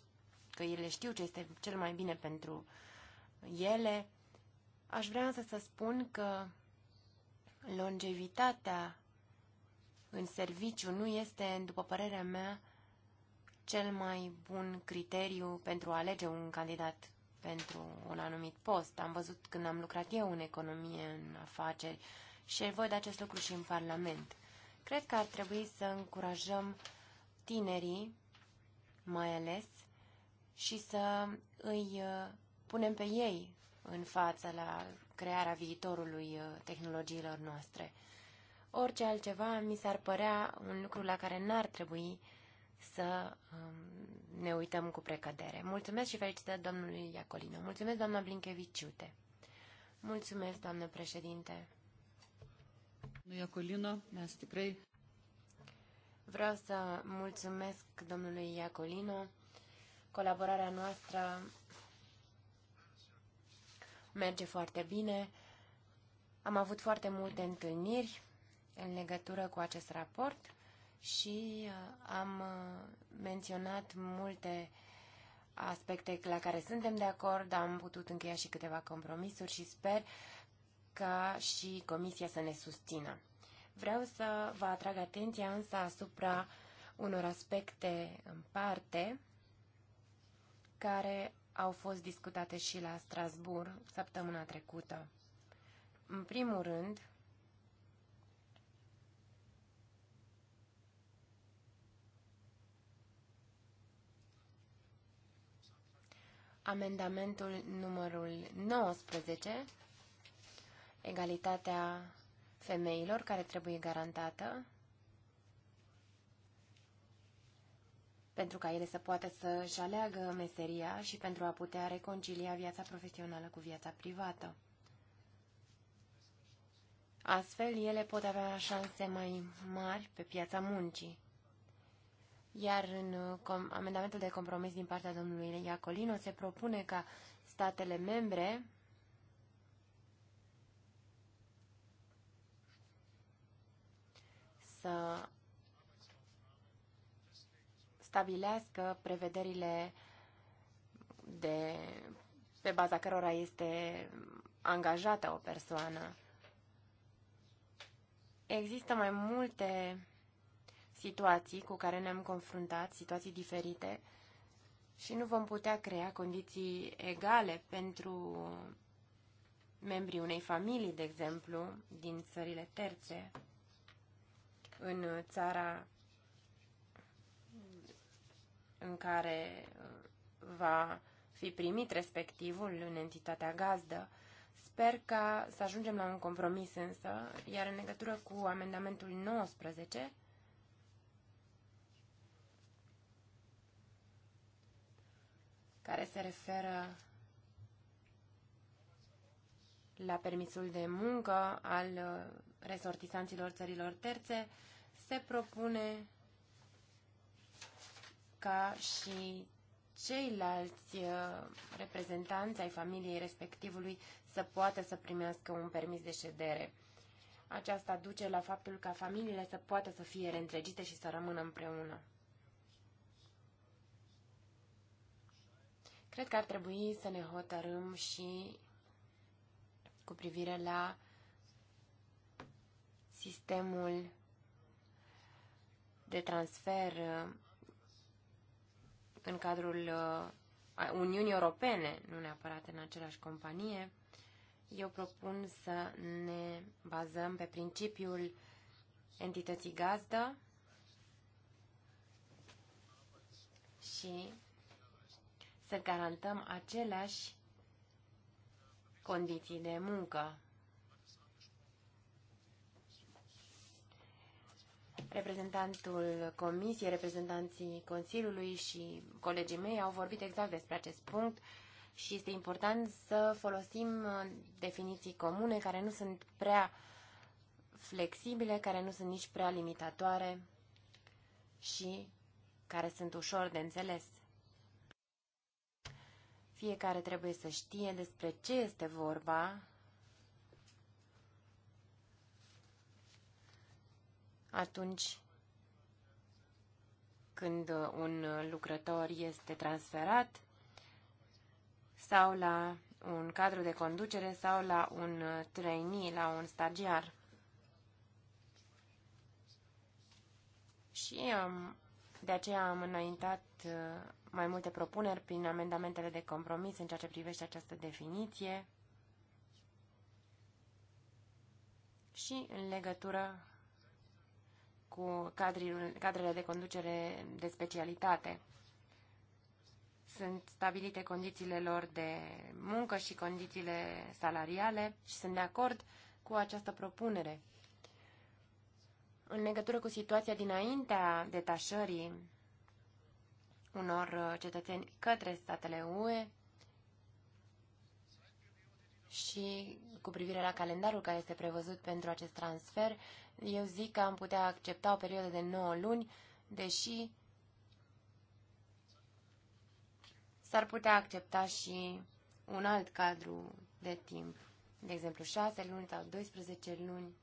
A: că ele știu ce este cel mai bine pentru ele. Aș vrea însă să spun că longevitatea în serviciu nu este, după părerea mea, cel mai bun criteriu pentru a alege un candidat pentru un anumit post. Am văzut când am lucrat eu în economie, în afaceri și văd acest lucru și în Parlament. Cred că ar trebui să încurajăm tinerii, mai ales, și să îi uh, punem pe ei în față la crearea viitorului uh, tehnologiilor noastre. Orice altceva mi s-ar părea un lucru la care n-ar trebui să um, ne uităm cu precădere. Mulțumesc și felicitări domnului Iacolino. Mulțumesc, doamna Blinkeviciute. Mulțumesc, doamnă președinte. Nu Iacolino, mes tikrai. Vreau să mulțumesc domnului Iacolino. Colaborarea noastră merge foarte bine. Am avut foarte multe întâlniri în legătură cu acest raport și uh, am uh, menționat multe aspecte la care suntem de acord, am putut încheia și câteva compromisuri și sper ca și Comisia să ne susțină. Vreau să vă atrag atenția însă asupra unor aspecte în parte care au fost discutate și la Strasbourg săptămâna trecută. În primul rând, amendamentul numărul 19, egalitatea femeilor care trebuie garantată pentru ca ele să poată să-și aleagă meseria și pentru a putea reconcilia viața profesională cu viața privată. Astfel, ele pot avea șanse mai mari pe piața muncii. Iar în uh, amendamentul de compromis din partea domnului Iacolino se propune ca statele membre să stabilească prevederile de, pe baza cărora este angajată o persoană. Există mai multe situații cu care ne-am confruntat, situații diferite, și nu vom putea crea condiții egale pentru membrii unei familii, de exemplu, din țările terțe, în țara în care va fi primit respectivul în entitatea gazdă. Sper ca să ajungem la un compromis însă, iar în legătură cu amendamentul 19, care se referă la permisul de muncă al uh, resortisanților țărilor terțe, se propune ca și ceilalți uh, reprezentanți ai familiei respectivului să poată să primească un permis de ședere. Aceasta duce la faptul ca familiile să poată să fie reîntregite și să rămână împreună. Cred că ar trebui să ne hotărâm și cu privire la sistemul de transfer uh, în cadrul uh, Uniunii Europene, nu neapărat în același companie, eu propun să ne bazăm pe principiul entității gazdă și să garantăm aceleași condiții de muncă. Reprezentantul Comisiei, reprezentanții Consiliului și colegii mei au vorbit exact despre acest punct și este important să folosim definiții comune care nu sunt prea flexibile, care nu sunt nici prea limitatoare și care sunt ușor de înțeles. Fiecare trebuie să știe despre ce este vorba. Atunci când un lucrător este transferat sau la un cadru de conducere sau la un trainee, la un stagiar. Și de aceea am înaintat mai multe propuneri prin amendamentele de compromis în ceea ce privește această definiție și în legătură cu cadrele de conducere de specialitate. Sunt stabilite condițiile lor de muncă și condițiile salariale și sunt de acord cu această propunere. În legătură cu situația dinaintea detașării unor uh, cetățeni către statele UE și cu privire la calendarul care este prevăzut pentru acest transfer, eu zic că am putea accepta o perioadă de 9 luni, deși s-ar putea accepta și un alt cadru de timp, de exemplu 6 luni sau 12 luni.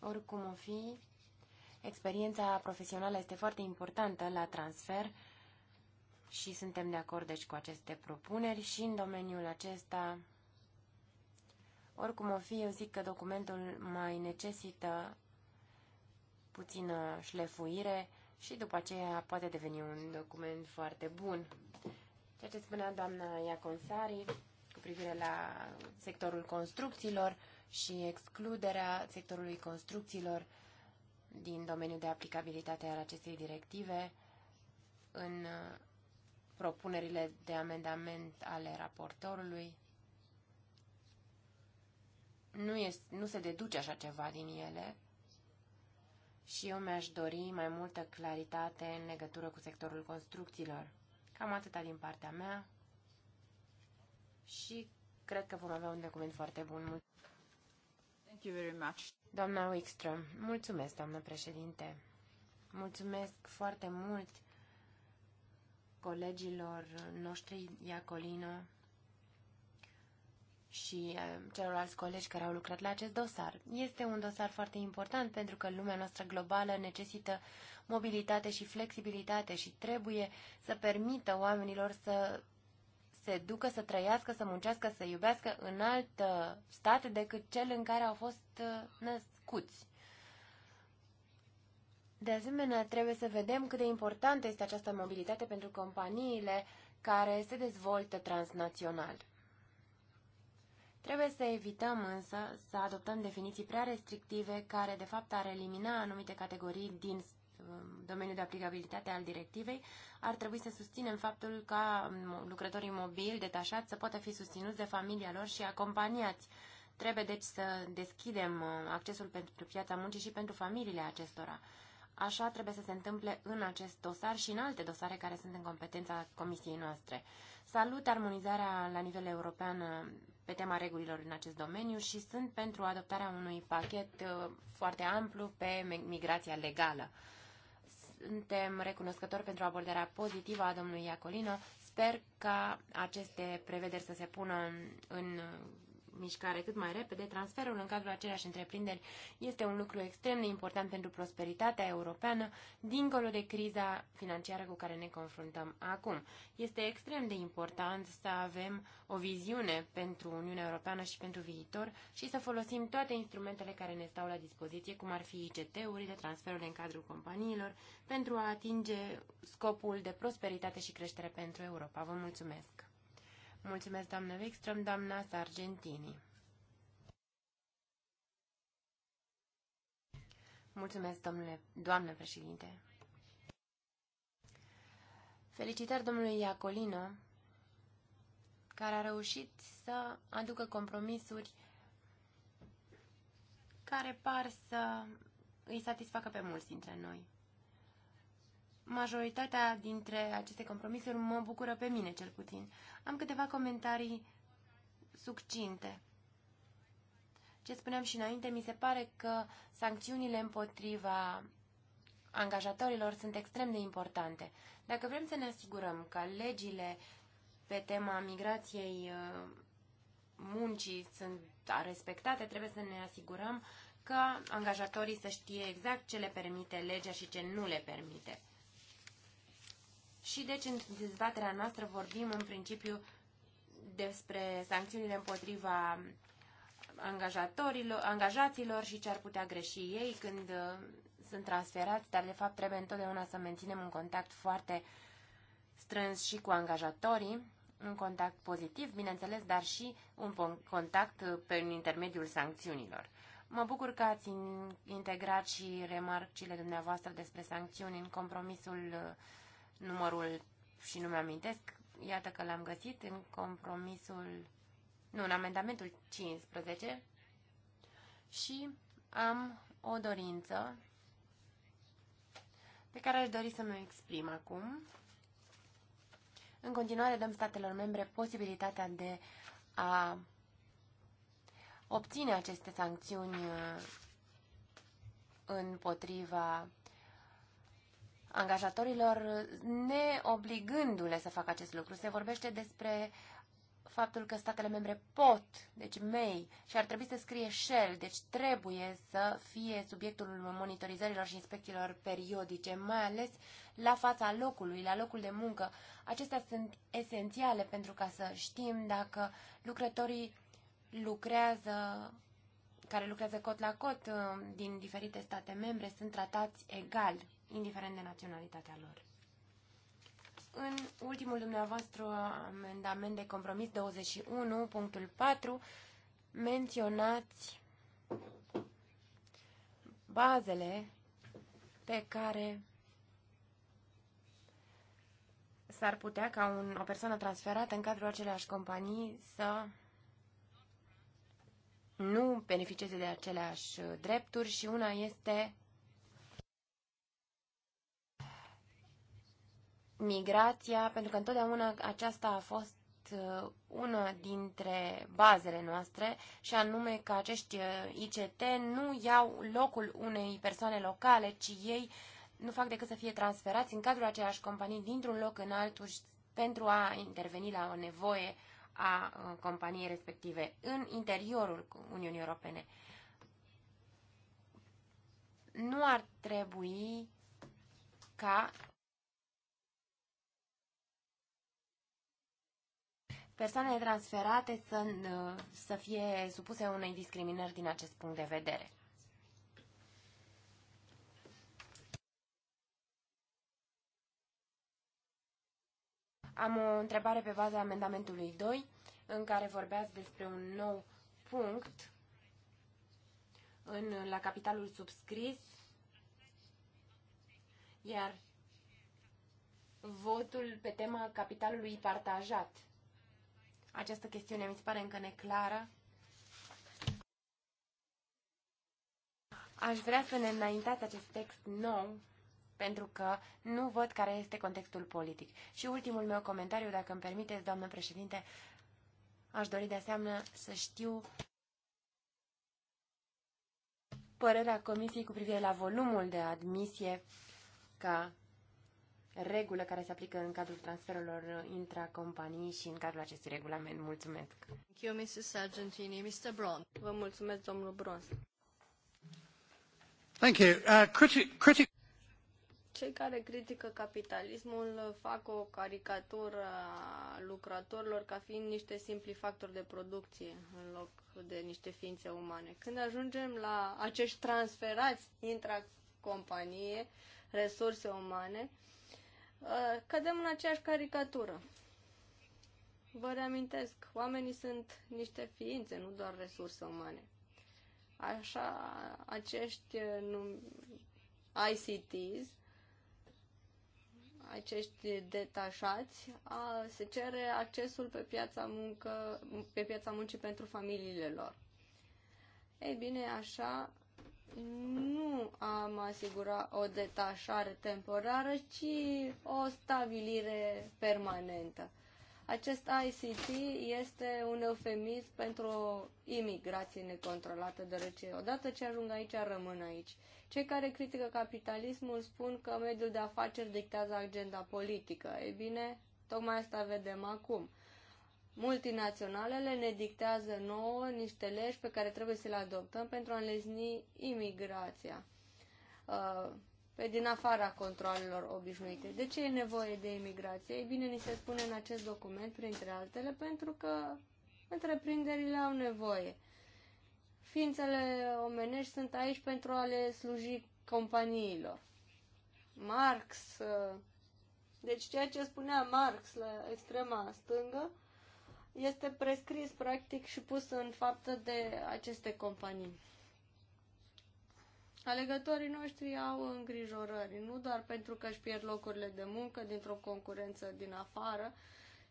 A: Oricum o fi, Experiența profesională este foarte importantă la transfer și suntem de acord deci cu aceste propuneri și în domeniul acesta oricum o fi, eu zic că documentul mai necesită puțină șlefuire și după aceea poate deveni un document foarte bun. Ceea ce spunea doamna Iaconsari cu privire la sectorul construcțiilor și excluderea sectorului construcțiilor din domeniul de aplicabilitate al acestei directive în propunerile de amendament ale raportorului. Nu, este, nu se deduce așa ceva din ele și eu mi-aș dori mai multă claritate în legătură cu sectorul construcțiilor. Cam atâta din partea mea și cred că vom avea un document foarte bun. Thank you very much. Doamna Wickström, mulțumesc, doamnă președinte. Mulțumesc foarte mult colegilor noștri, Iacolino și eh, celorlalți colegi care au lucrat la acest dosar. Este un dosar foarte important pentru că lumea noastră globală necesită mobilitate și flexibilitate și trebuie să permită oamenilor să se ducă să trăiască, să muncească, să iubească în alt uh, stat decât cel în care au fost uh, născuți. De asemenea, trebuie să vedem cât de importantă este această mobilitate pentru companiile care se dezvoltă transnațional. Trebuie să evităm însă să adoptăm definiții prea restrictive care de fapt ar elimina anumite categorii din domeniul de aplicabilitate al directivei, ar trebui să susținem faptul ca lucrătorii mobili detașați să poată fi susținuți de familia lor și acompaniați. Trebuie deci să deschidem uh, accesul pentru piața muncii și pentru familiile acestora. Așa trebuie să se întâmple în acest dosar și în alte dosare care sunt în competența comisiei noastre. Salut armonizarea la nivel european uh, pe tema regulilor în acest domeniu și sunt pentru adoptarea unui pachet uh, foarte amplu pe migrația legală suntem recunoscători pentru abordarea pozitivă a domnului Iacolino. Sper ca aceste prevederi să se pună în, mișcare cât mai repede, transferul în cadrul aceleași întreprinderi este un lucru extrem de important pentru prosperitatea europeană, dincolo de criza financiară cu care ne confruntăm acum. Este extrem de important să avem o viziune pentru Uniunea Europeană și pentru viitor și să folosim toate instrumentele care ne stau la dispoziție, cum ar fi ICT-urile, transferurile în cadrul companiilor, pentru a atinge scopul de prosperitate și creștere pentru Europa. Vă mulțumesc! Mulțumesc, doamnă Wikström, doamna Sargentini. Mulțumesc, domnule, doamnă președinte. Felicitări domnului Iacolino, care a reușit să aducă compromisuri care par să îi satisfacă pe mulți dintre noi majoritatea dintre aceste compromisuri mă bucură pe mine, cel puțin. Am câteva comentarii succinte. Ce spuneam și înainte, mi se pare că sancțiunile împotriva angajatorilor sunt extrem de importante. Dacă vrem să ne asigurăm că legile pe tema migrației uh, muncii sunt respectate, trebuie să ne asigurăm că angajatorii să știe exact ce le permite legea și ce nu le permite. Și deci în dezbaterea noastră vorbim în principiu despre sancțiunile împotriva angajatorilor, angajaților și ce ar putea greși ei când uh, sunt transferați, dar de fapt trebuie întotdeauna să menținem un contact foarte strâns și cu angajatorii, un contact pozitiv, bineînțeles, dar și un contact uh, prin intermediul sancțiunilor. Mă bucur că ați integrat și remarcile dumneavoastră despre sancțiuni în compromisul uh, numărul și nu mi-amintesc, iată că l-am găsit în compromisul, nu, în amendamentul 15 și am o dorință pe care aș dori să mi-o exprim acum. În continuare dăm statelor membre posibilitatea de a obține aceste sancțiuni uh, împotriva angajatorilor, neobligându-le să facă acest lucru. Se vorbește despre faptul că statele membre pot, deci mei, și ar trebui să scrie shell, deci trebuie să fie subiectul monitorizărilor și inspecțiilor periodice, mai ales la fața locului, la locul de muncă. Acestea sunt esențiale pentru ca să știm dacă lucrătorii lucrează, care lucrează cot la cot uh, din diferite state membre, sunt tratați egal indiferent de naționalitatea lor. În ultimul dumneavoastră amendament de compromis 21, punctul 4, menționați bazele pe care s-ar putea ca un, o persoană transferată în cadrul aceleași companii să nu beneficieze de aceleași drepturi și una este migrația, pentru că întotdeauna aceasta a fost uh, una dintre bazele noastre și anume că acești uh, ICT nu iau locul unei persoane locale, ci ei nu fac decât să fie transferați în cadrul aceleași companii dintr-un loc în altul pentru a interveni la o nevoie a uh, companiei respective în interiorul Uniunii Europene. Nu ar trebui ca persoanele transferate să, uh, să fie supuse unei discriminări din acest punct de vedere. Am o întrebare pe baza amendamentului 2, în care vorbeați despre un nou punct în, la capitalul subscris, iar votul pe tema capitalului partajat. Această chestiune mi se pare încă neclară. Aș vrea să ne înaintați acest text nou, pentru că nu văd care este contextul politic. Și ultimul meu comentariu, dacă îmi permiteți, doamnă președinte, aș dori de asemenea să știu părerea Comisiei cu privire la volumul de admisie ca regulă care se aplică în cadrul transferurilor intracompanii și în cadrul acestui regulament. Mulțumesc.
B: Thank you, Mrs. Argentini. Mr. Bron. Vă mulțumesc, domnul Bron.
A: Thank you. Uh, critic, critic...
B: Cei care critică capitalismul fac o caricatură a lucrătorilor ca fiind niște simpli factori de producție în loc de niște ființe umane. Când ajungem la acești transferați intra companie, resurse umane, Uh, cădem în aceeași caricatură. Vă reamintesc, oamenii sunt niște ființe, nu doar resurse umane. Așa, acești uh, ICTs, acești detașați, a, se cere accesul pe piața, muncă, pe piața muncii pentru familiile lor. Ei bine, așa nu am asigura o detașare temporară, ci o stabilire permanentă. Acest ICT este un eufemism pentru o imigrație necontrolată, deoarece odată ce ajung aici, rămân aici. Cei care critică capitalismul spun că mediul de afaceri dictează agenda politică. Ei bine, tocmai asta vedem acum multinaționalele ne dictează nouă niște legi pe care trebuie să le adoptăm pentru a înlezni imigrația uh, pe din afara controlelor obișnuite. De ce e nevoie de imigrație? Ei bine, ni se spune în acest document, printre altele, pentru că întreprinderile au nevoie. Ființele omenești sunt aici pentru a le sluji companiilor. Marx, uh, deci ceea ce spunea Marx la extrema stângă, este prescris practic și pus în faptă de aceste companii. Alegătorii noștri au îngrijorări, nu doar pentru că își pierd locurile de muncă dintr-o concurență din afară,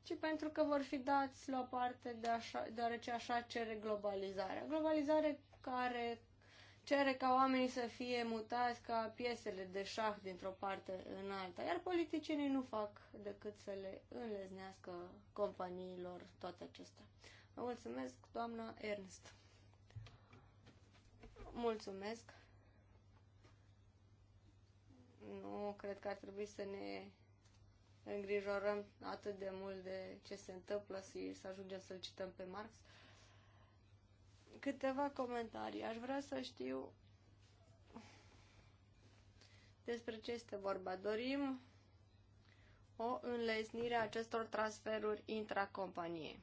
B: ci pentru că vor fi dați la o parte de așa, deoarece așa cere globalizarea. Globalizare care cere ca oamenii să fie mutați ca piesele de șah dintr-o parte în alta, iar politicienii nu fac decât să le înleznească companiilor toate acestea. Vă mulțumesc, doamna Ernst. Mulțumesc. Nu cred că ar trebui să ne îngrijorăm atât de mult de ce se întâmplă și să ajungem să-l cităm pe Marx. Câteva comentarii. Aș vrea să știu despre ce este vorba. Dorim o înlesnire a acestor transferuri intracompanie.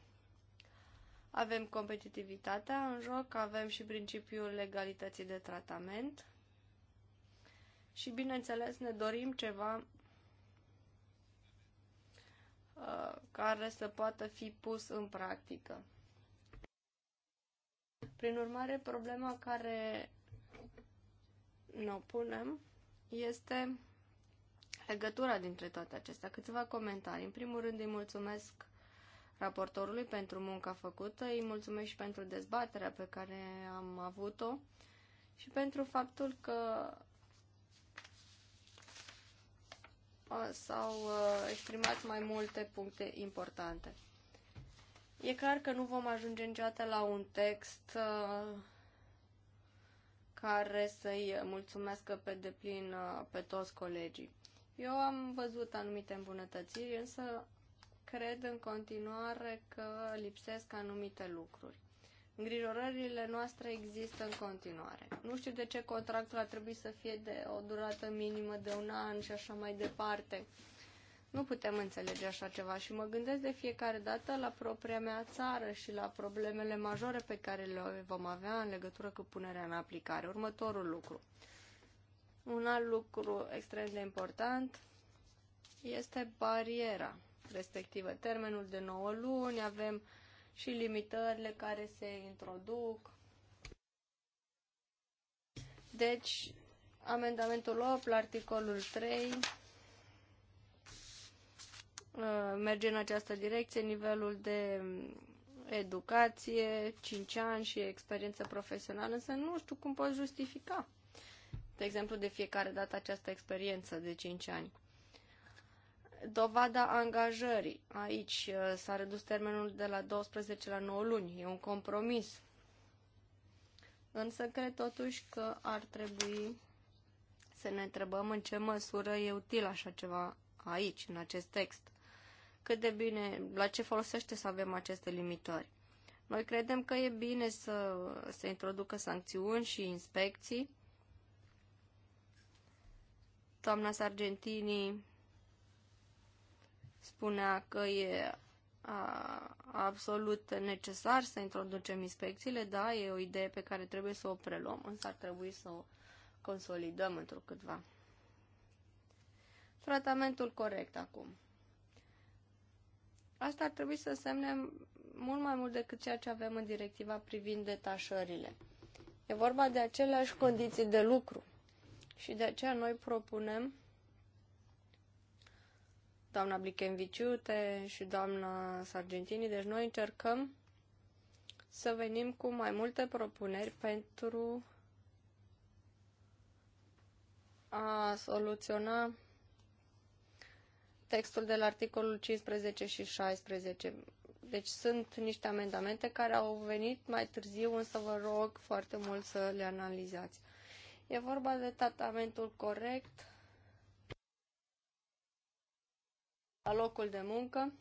B: Avem competitivitatea în joc, avem și principiul legalității de tratament și, bineînțeles, ne dorim ceva uh, care să poată fi pus în practică. Prin urmare, problema care ne punem este legătura dintre toate acestea. Câteva comentarii. În primul rând îi mulțumesc raportorului pentru munca făcută, îi mulțumesc și pentru dezbaterea pe care am avut-o și pentru faptul că uh, s-au uh, exprimat mai multe puncte importante. E clar că nu vom ajunge niciodată la un text uh, care să-i mulțumească pe deplin uh, pe toți colegii. Eu am văzut anumite îmbunătățiri, însă cred în continuare că lipsesc anumite lucruri. Îngrijorările noastre există în continuare. Nu știu de ce contractul ar trebui să fie de o durată minimă de un an și așa mai departe. Nu putem înțelege așa ceva și mă gândesc de fiecare dată la propria mea țară și la problemele majore pe care le vom avea în legătură cu punerea în aplicare. Următorul lucru. Un alt lucru extrem de important este bariera respectivă. Termenul de 9 luni, avem și limitările care se introduc. Deci, amendamentul 8 la articolul 3 Uh, merge în această direcție, nivelul de educație, 5 ani și experiență profesională, însă nu știu cum poți justifica, de exemplu, de fiecare dată această experiență de 5 ani. Dovada angajării. Aici uh, s-a redus termenul de la 12 la 9 luni. E un compromis. Însă cred totuși că ar trebui să ne întrebăm în ce măsură e util așa ceva aici, în acest text cât de bine, la ce folosește să avem aceste limitări. Noi credem că e bine să se introducă sancțiuni și inspecții. Doamna Sargentini spunea că e a, absolut necesar să introducem inspecțiile, da, e o idee pe care trebuie să o preluăm, însă ar trebui să o consolidăm într-o câtva. Tratamentul corect acum. Asta ar trebui să semne mult mai mult decât ceea ce avem în directiva privind detașările. E vorba de aceleași condiții de lucru. Și de aceea noi propunem doamna Blichenviciute și doamna Sargentini, deci noi încercăm să venim cu mai multe propuneri pentru a soluționa textul de la articolul 15 și 16. Deci sunt niște amendamente care au venit mai târziu, însă vă rog foarte mult să le analizați. E vorba de tratamentul corect la locul de muncă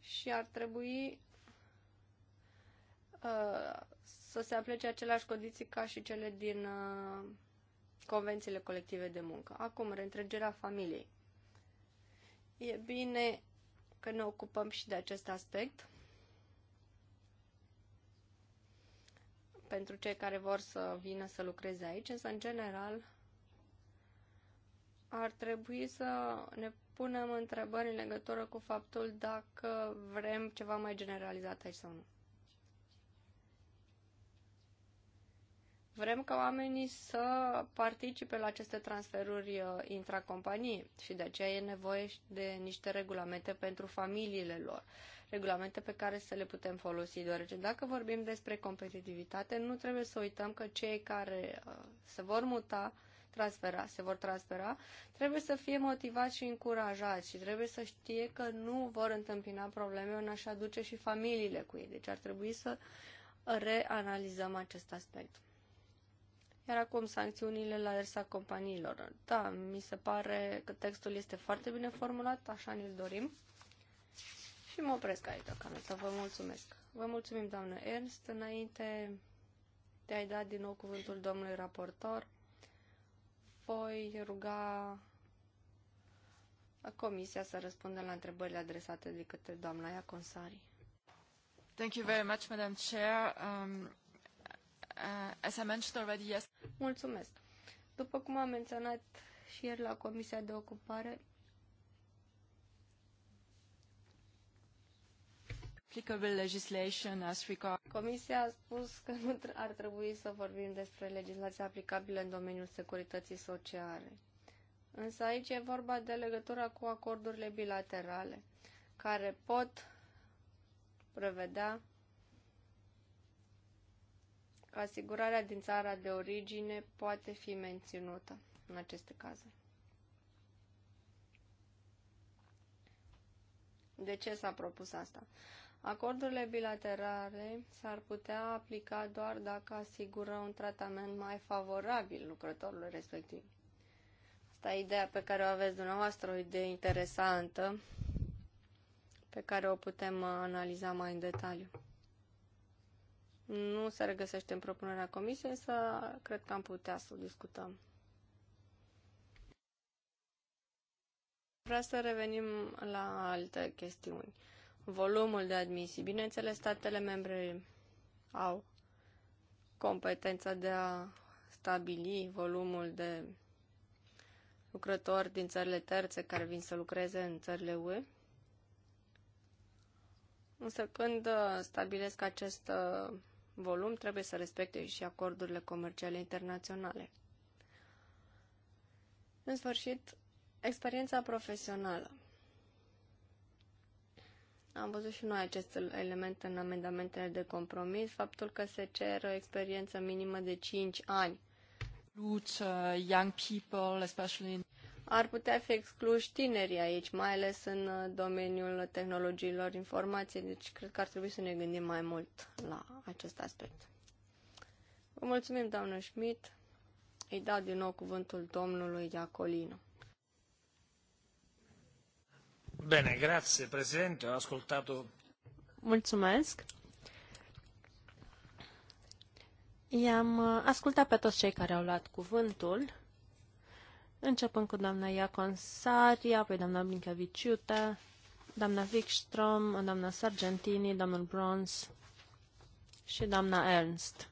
B: și ar trebui uh, să se aplece aceleași condiții ca și cele din uh, convențiile colective de muncă. Acum, reîntregerea familiei. E bine că ne ocupăm și de acest aspect. pentru cei care vor să vină să lucreze aici, însă, în general, ar trebui să ne punem întrebări în legătură cu faptul dacă vrem ceva mai generalizat aici sau nu. Vrem ca oamenii să participe la aceste transferuri uh, intracompanii și de aceea e nevoie de niște regulamente pentru familiile lor, regulamente pe care să le putem folosi, deoarece dacă vorbim despre competitivitate, nu trebuie să uităm că cei care uh, se vor muta transfera, se vor transfera, trebuie să fie motivați și încurajați și trebuie să știe că nu vor întâmpina probleme în așa duce aduce și familiile cu ei. Deci ar trebui să reanalizăm acest aspect. Iar acum sancțiunile la adresa companiilor. Da, mi se pare că textul este foarte bine formulat, așa ne-l dorim. Și mă opresc aici deocamdată. Vă mulțumesc. Vă mulțumim, doamnă Ernst. Înainte de a-i da din nou cuvântul domnului raportor, voi ruga comisia să răspundă la întrebările adresate de către doamna Iaconsari. Thank you very much, Madam Chair. Um... Uh, as I mentioned already, yes. Mulțumesc. După cum am menționat și ieri la Comisia de Ocupare, Comisia a spus că nu ar trebui să vorbim despre legislația aplicabilă în domeniul securității sociale. Însă aici e vorba de legătura cu acordurile bilaterale, care pot prevedea asigurarea din țara de origine poate fi menținută în aceste cazuri. De ce s-a propus asta? Acordurile bilaterale s-ar putea aplica doar dacă asigură un tratament mai favorabil lucrătorului respectiv. Asta e ideea pe care o aveți dumneavoastră, o idee interesantă pe care o putem analiza mai în detaliu. Nu se regăsește în propunerea comisiei, însă cred că am putea să o discutăm. Vreau să revenim la alte chestiuni. Volumul de admisii. Bineînțeles, statele membre au competența de a stabili volumul de lucrători din țările terțe care vin să lucreze în țările UE. Însă când stabilesc acest volum trebuie să respecte și acordurile comerciale internaționale. În sfârșit, experiența profesională. Am văzut și noi acest element în amendamentele de compromis, faptul că se ceră o experiență minimă de 5 ani.
C: Uh, young people, especially
B: ar putea fi excluși tinerii aici, mai ales în uh, domeniul tehnologiilor informației, deci cred că ar trebui să ne gândim mai mult la acest aspect. Vă mulțumim, doamnă Schmidt. Îi dau din nou cuvântul domnului Iacolino.
C: Bine, grație, președinte. am ascultat Mulțumesc. I-am uh, ascultat pe toți cei care au luat cuvântul Începând cu doamna Iacon Sari, apoi doamna Blinkeviciute, doamna Wikström, doamna Sargentini, domnul Bronze și doamna Ernst.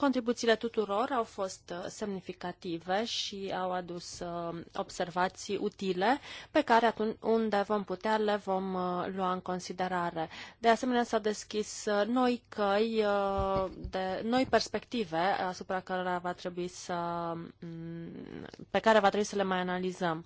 C: Contribuțiile tuturor au fost uh, semnificative și au adus uh, observații utile pe care atunci unde vom putea le vom uh, lua în considerare. De asemenea, s-au deschis noi căi, de, noi perspective asupra cărora va trebui să, mm, pe care va trebui să le mai analizăm.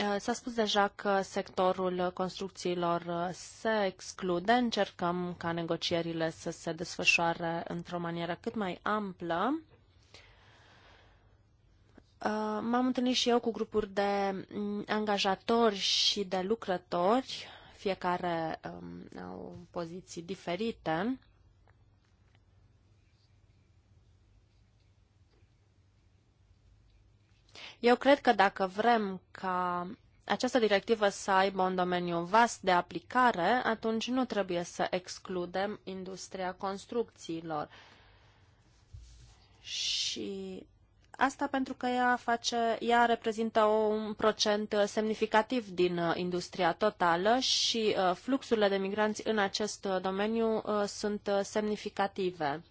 C: Eh, s-a spus deja că sectorul construcțiilor eh, se exclude. Încercăm ca negocierile să se desfășoare într-o manieră cât mai amplă. Eh, m-am întâlnit și eu cu grupuri de mm, angajatori și de lucrători, fiecare au poziții diferite. Eu cred că dacă vrem ca această directivă să aibă un domeniu vast de aplicare, atunci nu trebuie să excludem industria construcțiilor. Și asta pentru că ea, face, ea reprezintă un procent semnificativ din uh, industria totală și uh, fluxurile de migranți în acest uh, domeniu sunt semnificative.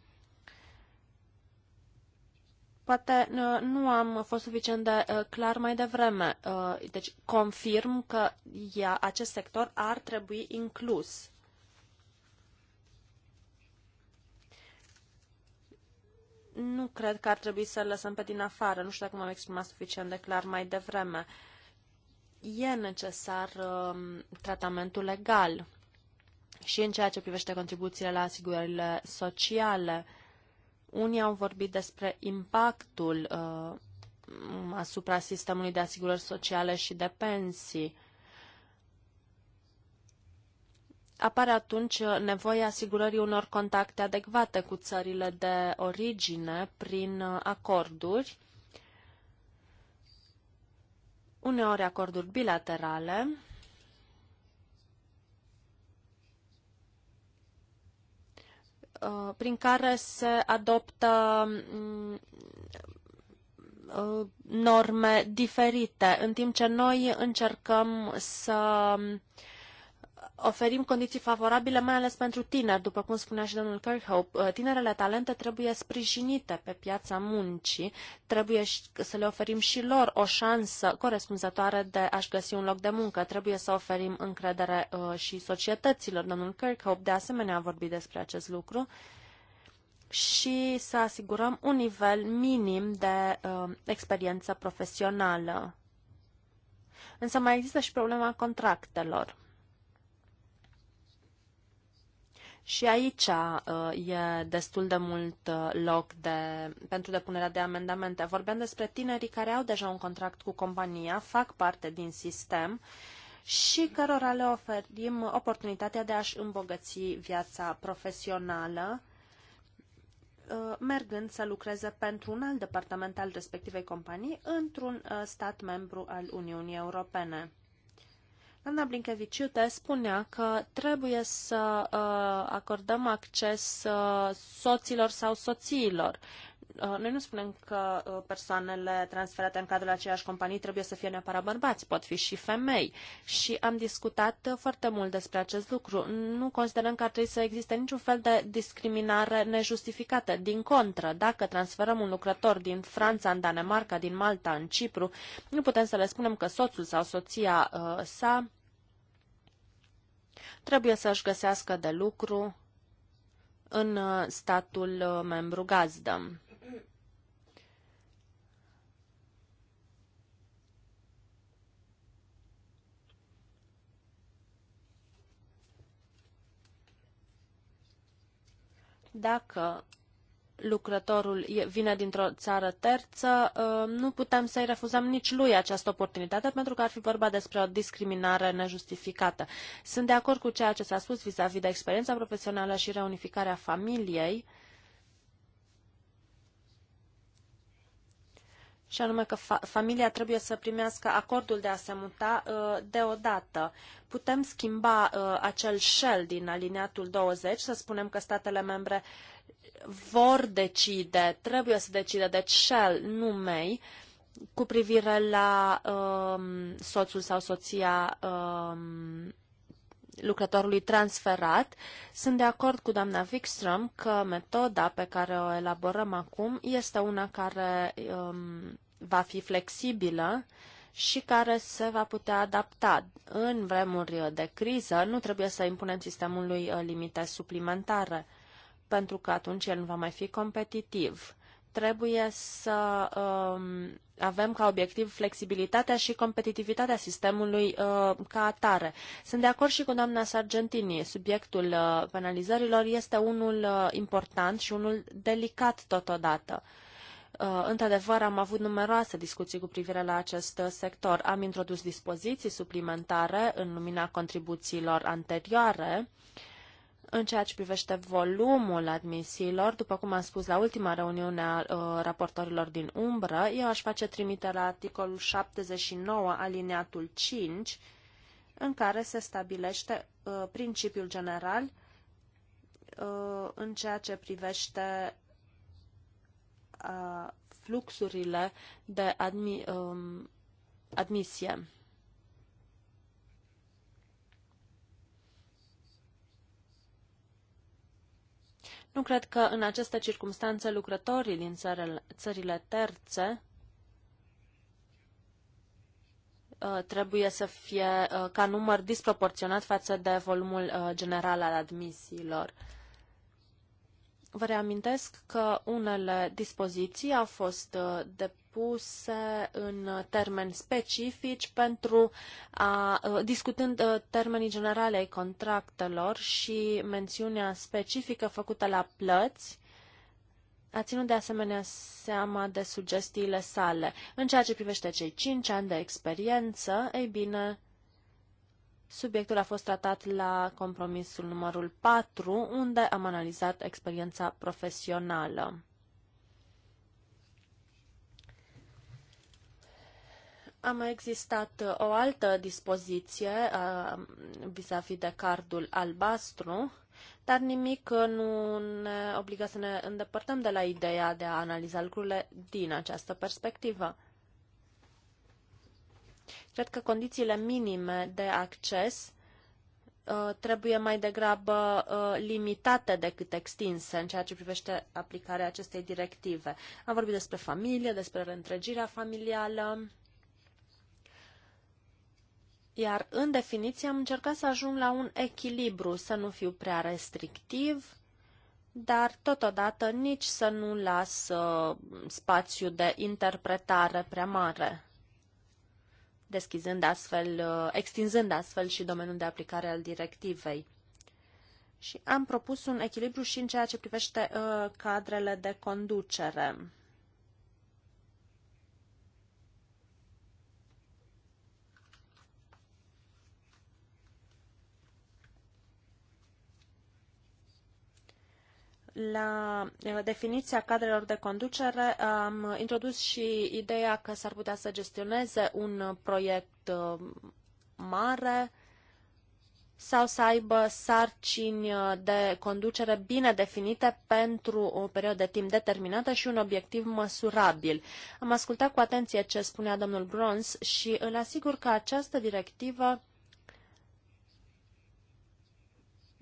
C: Poate uh, nu am fost suficient de uh, clar mai devreme. Uh, deci confirm că ea, acest sector ar trebui inclus. Nu cred că ar trebui să lăsăm pe din afară. Nu știu dacă m-am exprimat suficient de clar mai devreme. E necesar uh, tratamentul legal și în ceea ce privește contribuțiile la asigurările sociale. Uh, unii au vorbit despre impactul uh, asupra sistemului de asigurări sociale și de pensii. Apare atunci nevoia asigurării unor contacte adecvate cu țările de origine prin acorduri, uneori acorduri bilaterale, Uh, prin care se adoptă mm, uh, norme diferite, în timp ce noi încercăm să mm, oferim condiții favorabile, mai ales pentru tineri, după cum spunea și domnul Kirkhope. Uh, Tinerele talente trebuie sprijinite pe piața muncii, trebuie să le oferim și lor o șansă corespunzătoare de a-și găsi un loc de muncă, trebuie să oferim încredere uh, și societăților. Domnul Kirkhope de asemenea a vorbit despre acest lucru și să asigurăm un nivel minim de uh, experiență profesională. Însă mai există și problema contractelor. Și aici uh, e destul de mult uh, loc de, pentru depunerea de amendamente. Vorbeam despre tinerii care au deja un contract cu compania, fac parte din sistem și cărora le oferim oportunitatea de a-și îmbogăți viața profesională, uh, mergând să lucreze pentru un alt departament al respectivei companii într-un stat membru al Uniunii Europene. Doamna Blinkeviciute spunea că trebuie să uh, acordăm acces uh, soților sau soțiilor. Uh, noi nu spunem că uh, persoanele transferate în cadrul aceeași companii trebuie să fie neapărat bărbați, pot fi și femei. Și am discutat uh, foarte mult despre acest lucru. Nu considerăm că ar trebui să existe niciun fel de discriminare nejustificată. Din contră, dacă transferăm un lucrător din Franța, în Danemarca, din Malta, în Cipru, nu putem să le spunem că soțul sau soția uh, sa trebuie să-și găsească de lucru în uh, statul uh, membru gazdă. Dacă lucrătorul vine dintr-o țară terță, ă, nu putem să-i refuzăm nici lui această oportunitate, pentru că ar fi vorba despre o discriminare nejustificată. Sunt de acord cu ceea ce s-a spus vis-a-vis -vis de experiența profesională și reunificarea familiei, și anume că fa familia trebuie să primească acordul de a se muta uh, deodată. Putem schimba uh, acel shell din aliniatul 20, să spunem că statele membre uh, vor decide, trebuie să decide, deci Shell, nu May, cu privire la um, soțul sau soția um, lucrătorului transferat, sunt de acord cu doamna Wikström că metoda pe care o elaborăm acum este una care um, va fi flexibilă și care se va putea adapta. În vremuri de criză nu trebuie să impunem sistemului uh, limite suplimentare pentru că atunci el nu va mai fi competitiv. Trebuie să um, avem ca obiectiv flexibilitatea și competitivitatea sistemului uh, ca atare. Sunt de acord și cu doamna Sargentini. Subiectul uh, penalizărilor este unul uh, important și unul delicat totodată. Uh, într-adevăr, am avut numeroase discuții cu privire la acest uh, sector. Am introdus dispoziții suplimentare în lumina contribuțiilor anterioare uh, în ceea ce privește volumul admisiilor, după cum am spus la ultima reuniune a uh, raportorilor din umbră, eu aș face trimitere la articolul 79, alineatul 5, în care se stabilește uh, principiul general uh, în ceea ce privește uh, fluxurile de admi, um, admisie. Nu cred că în aceste circunstanțe lucrătorii din țările, terțe uh, trebuie să fie uh, ca număr disproporționat față de volumul uh, general al admisiilor. Vă reamintesc că unele dispoziții au fost de puse în termeni specifici pentru a, uh, discutând uh, termenii generale ai contractelor și mențiunea specifică făcută la plăți, a ținut de asemenea seama de sugestiile sale. În ceea ce privește cei 5 ani de experiență, ei bine, subiectul a fost tratat la compromisul numărul 4, unde am analizat experiența profesională. A mai existat uh, o altă dispoziție uh, vis-a-vis -vis de cardul albastru, dar nimic uh, nu ne obligă să ne îndepărtăm de la ideea de a analiza lucrurile din această perspectivă. Cred că condițiile minime de acces trebuie mai degrabă limitate decât extinse în ceea ce privește aplicarea acestei directive. Am vorbit despre familie, despre reîntregirea familială, iar în definiție am încercat să ajung la un echilibru, să nu fiu prea restrictiv, dar totodată nici să nu las uh, spațiu de interpretare prea mare, deschizând astfel, uh, extinzând astfel și domeniul de aplicare al directivei. Și am propus un echilibru și în ceea ce privește uh, cadrele de conducere. la eh, definiția cadrelor de conducere am introdus și ideea că s-ar putea să gestioneze un proiect uh, mare sau să aibă sarcini uh, de conducere bine definite pentru o perioadă de timp determinată și un obiectiv măsurabil. Am ascultat cu atenție ce spunea domnul Brons și îl asigur că această directivă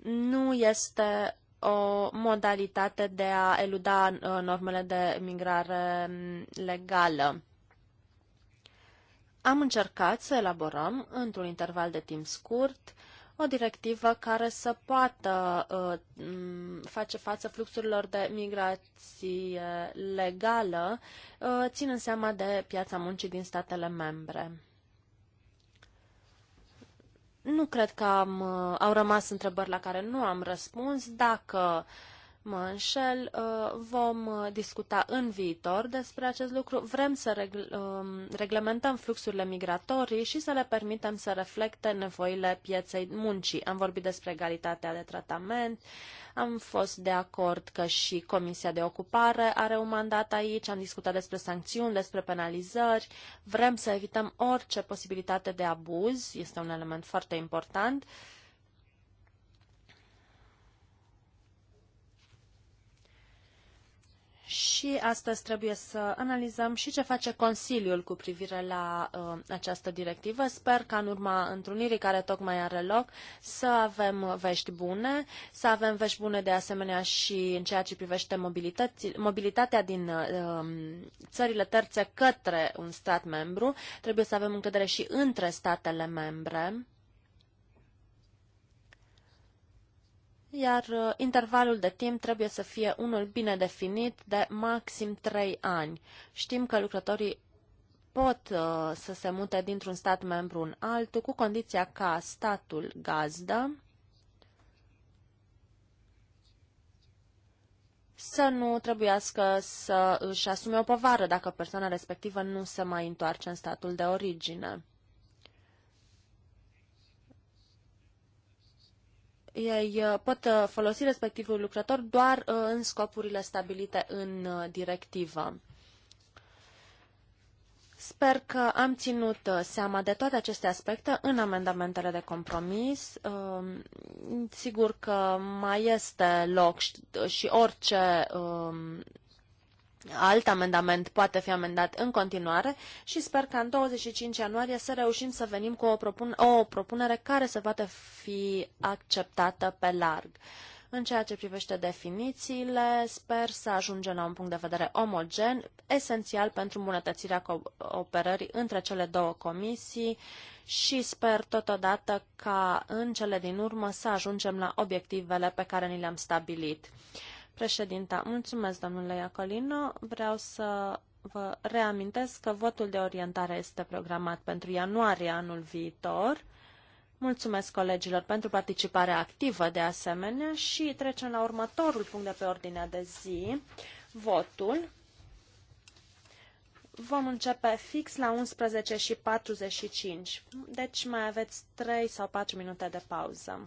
C: nu este o modalitate de a eluda uh, normele de migrare mm, legală. Am încercat să elaborăm, într-un interval de timp scurt, o directivă care să poată uh, mm, face față fluxurilor de migrație legală, uh, ținând seama de piața muncii din statele membre. Nu cred că am, uh, au rămas întrebări la care nu am răspuns. Dacă uh, mă înșel, uh, vom uh, discuta în viitor despre acest lucru. Vrem să um, reglementăm fluxurile migratorii și să le permitem să reflecte nevoile pieței muncii. Am vorbit despre egalitatea de tratament, am fost de acord că și Comisia de Ocupare are un mandat aici, am discutat despre sancțiuni, despre penalizări, vrem să evităm orice posibilitate de abuz, este un element foarte important. și astăzi trebuie să analizăm și ce face Consiliul cu privire la uh, această directivă. Sper ca în urma întrunirii care tocmai are loc să avem vești bune, să avem vești bune de asemenea și în ceea ce privește mobilitatea din uh, țările terțe către un stat membru. Trebuie să avem încredere și între statele membre iar uh, intervalul de timp trebuie să fie unul bine definit de maxim 3 ani. Știm că lucrătorii pot uh, să se mute dintr-un stat membru în altul, cu condiția ca statul gazdă să nu trebuiască să își asume o povară dacă persoana respectivă nu se mai întoarce în statul de origine. ei uh, pot uh, folosi respectivul lucrător doar uh, în scopurile stabilite în directivă. Sper că am ținut seama de toate aceste aspecte în amendamentele de compromis. Um, sigur că mai este loc și orice um, alt amendament poate fi amendat în continuare și sper că în 25 ianuarie să reușim să venim cu o, propun o propunere care să poată fi acceptată pe larg. În ceea ce privește definițiile, sper să ajungem la un punct de vedere omogen, esențial pentru îmbunătățirea cooperării între cele două comisii și sper totodată ca în cele din urmă să ajungem la obiectivele pe care ni le-am stabilit. Președinta, mulțumesc, domnule Iacolino. Vreau să vă reamintesc că votul de orientare este programat pentru ianuarie anul viitor. Mulțumesc colegilor pentru participare activă de asemenea și trecem la următorul punct de pe ordinea de zi, votul. Vom începe fix la 11:45. deci mai aveți 3 sau 4 minute de pauză.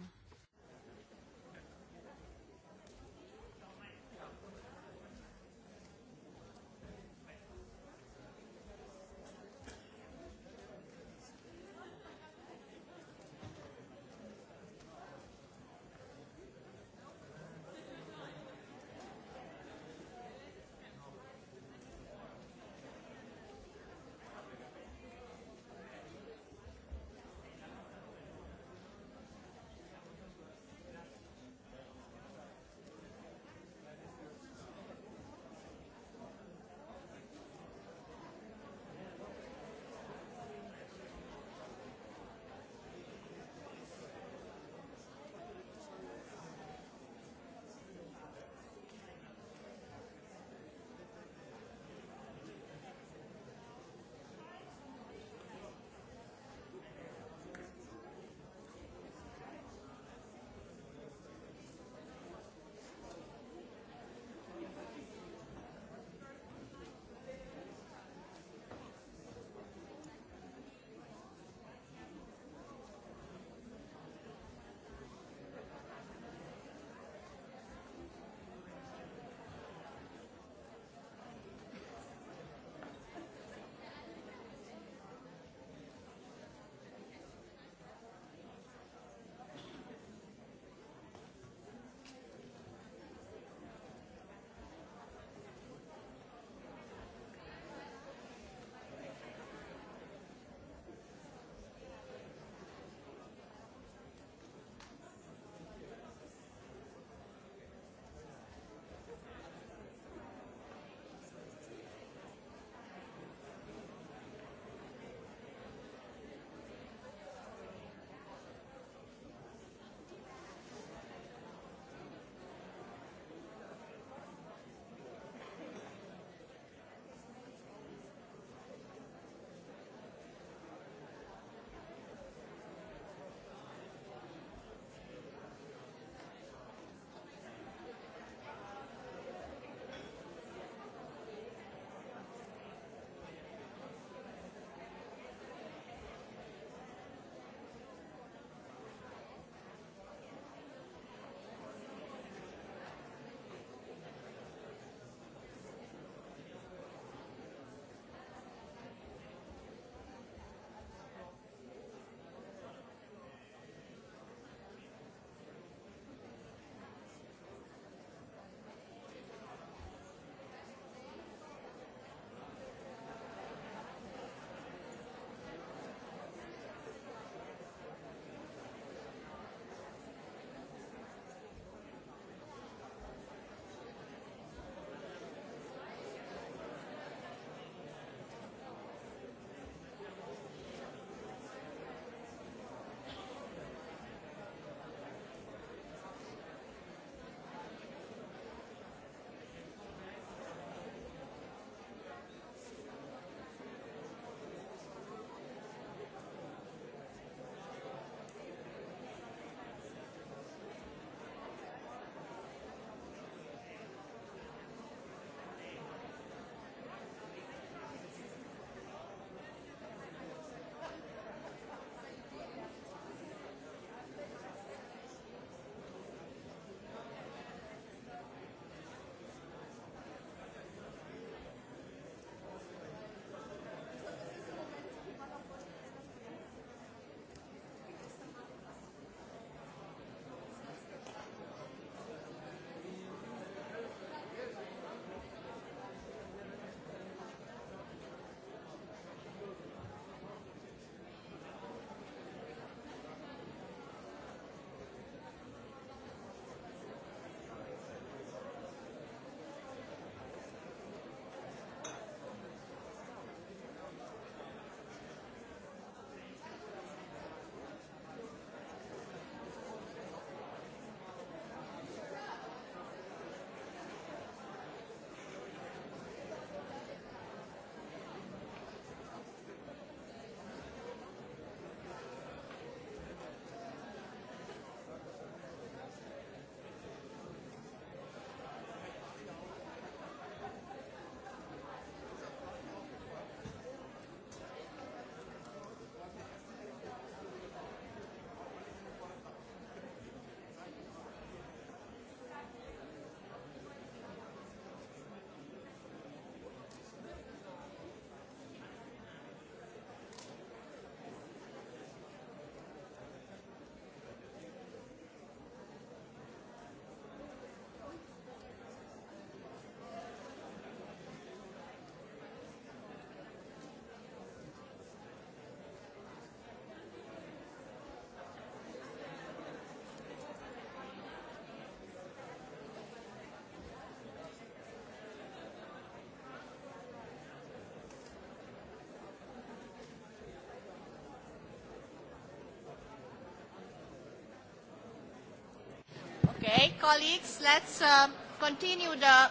B: colleagues, let's uh, continue the,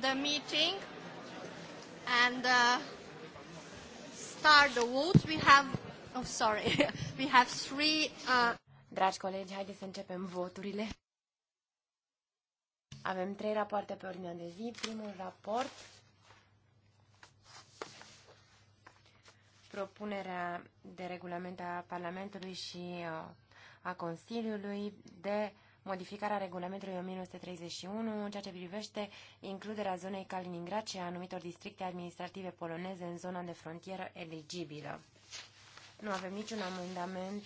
B: the meeting
A: and uh, start the vote. We have, oh sorry, we have three... Uh... Dragi colegi, haideți să începem voturile. Avem trei rapoarte pe ordinea de zi. Primul raport, propunerea de regulament a Parlamentului și uh, a Consiliului de modificarea regulamentului 1931 în ceea ce privește includerea zonei Kaliningrad și a anumitor districte administrative poloneze în zona de frontieră eligibilă. Nu avem niciun amendament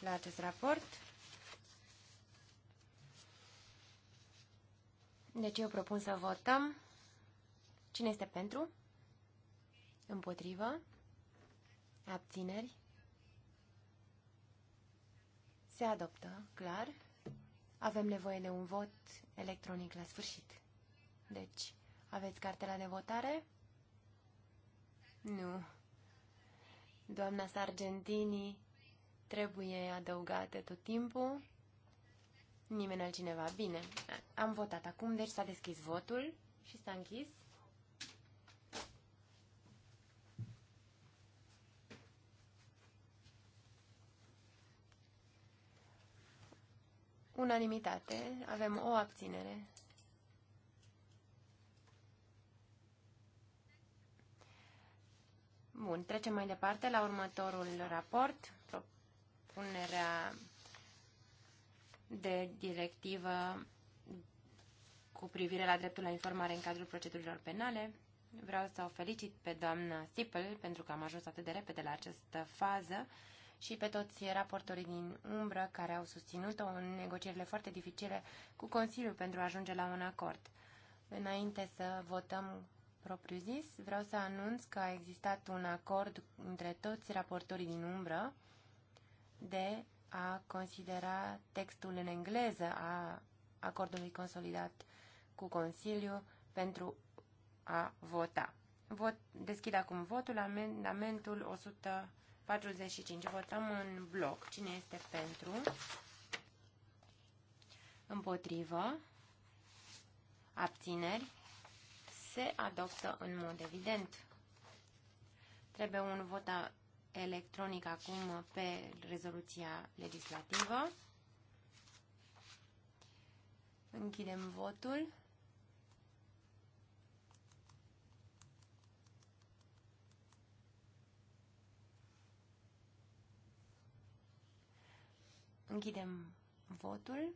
A: la acest raport. Deci eu propun să votăm. Cine este pentru? Împotrivă? Abțineri? Se adoptă, clar. Avem nevoie de un vot electronic la sfârșit. Deci, aveți cartela de votare? Nu. Doamna Sargentini trebuie adăugată tot timpul. Nimeni altcineva. Bine, am votat acum, deci s-a deschis votul și s-a închis. Unanimitate. Avem o abținere. Bun, trecem mai departe la următorul raport. Propunerea de directivă cu privire la dreptul la informare în cadrul procedurilor penale. Vreau să o felicit pe doamna Sipel pentru că am ajuns atât de repede la această fază și pe toți raportorii din umbră care au susținut-o în negocierile foarte dificile cu Consiliul pentru a ajunge la un acord. Înainte să votăm propriu-zis, vreau să anunț că a existat un acord între toți raportorii din umbră de a considera textul în engleză a acordului consolidat cu Consiliu pentru a vota. Vot, deschid acum votul, amendamentul 100. 45. Votăm în bloc. Cine este pentru? Împotrivă. Abțineri. Se adoptă în mod evident. Trebuie un vot electronic acum pe rezoluția legislativă. Închidem votul. Închidem votul.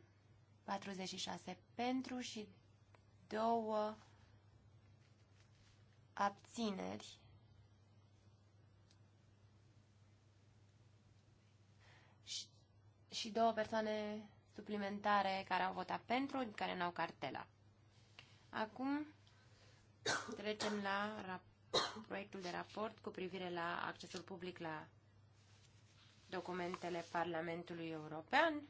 A: 46 pentru și 2 abțineri. Și, și două persoane suplimentare care au votat pentru, care n-au cartela. Acum trecem la proiectul de raport cu privire la accesul public la documentele Parlamentului European.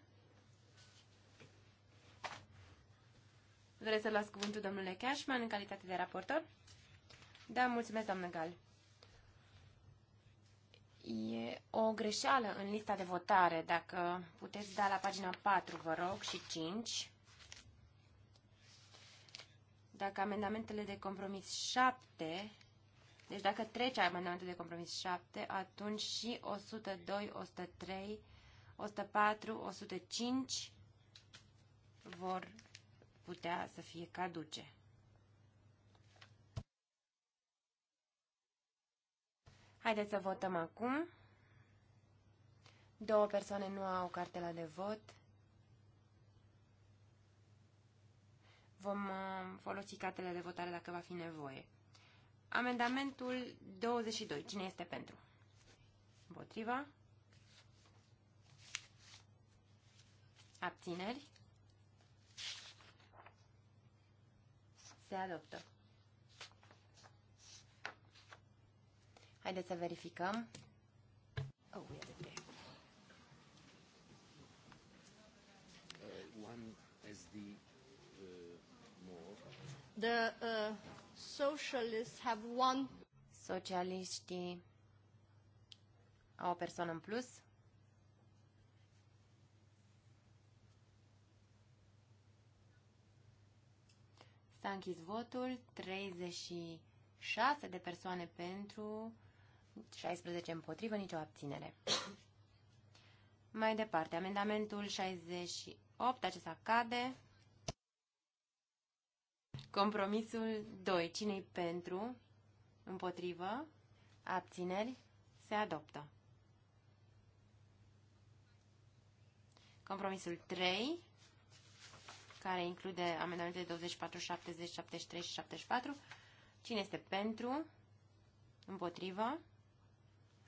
A: Doresc să las cuvântul domnule Cashman în calitate de raportor? Da, mulțumesc, doamnă Gal. E o greșeală în lista de votare, dacă puteți da la pagina 4, vă rog, și 5. Dacă amendamentele de compromis 7 deci dacă trece amendamentul de compromis 7, atunci și 102, 103, 104, 105 vor putea să fie caduce. Haideți să votăm acum. Două persoane nu au cartela de vot. Vom uh, folosi cartele de votare dacă va fi nevoie. Amendamentul 22. Cine este pentru? Împotriva? Abțineri? Se adoptă. Haideți să verificăm. Oh, we are
C: Uh, one
B: is the uh, more. The uh, Socialists
A: have one. Socialiștii au o persoană în plus. S-a închis votul, 36 de persoane pentru, 16 împotrivă, nicio abținere. Mai departe, amendamentul 68, acesta cade. Compromisul 2. Cine-i pentru? Împotrivă? Abțineri? Se adoptă. Compromisul 3, care include amendamentele 24, 70, 73 și 74. Cine este pentru? Împotrivă?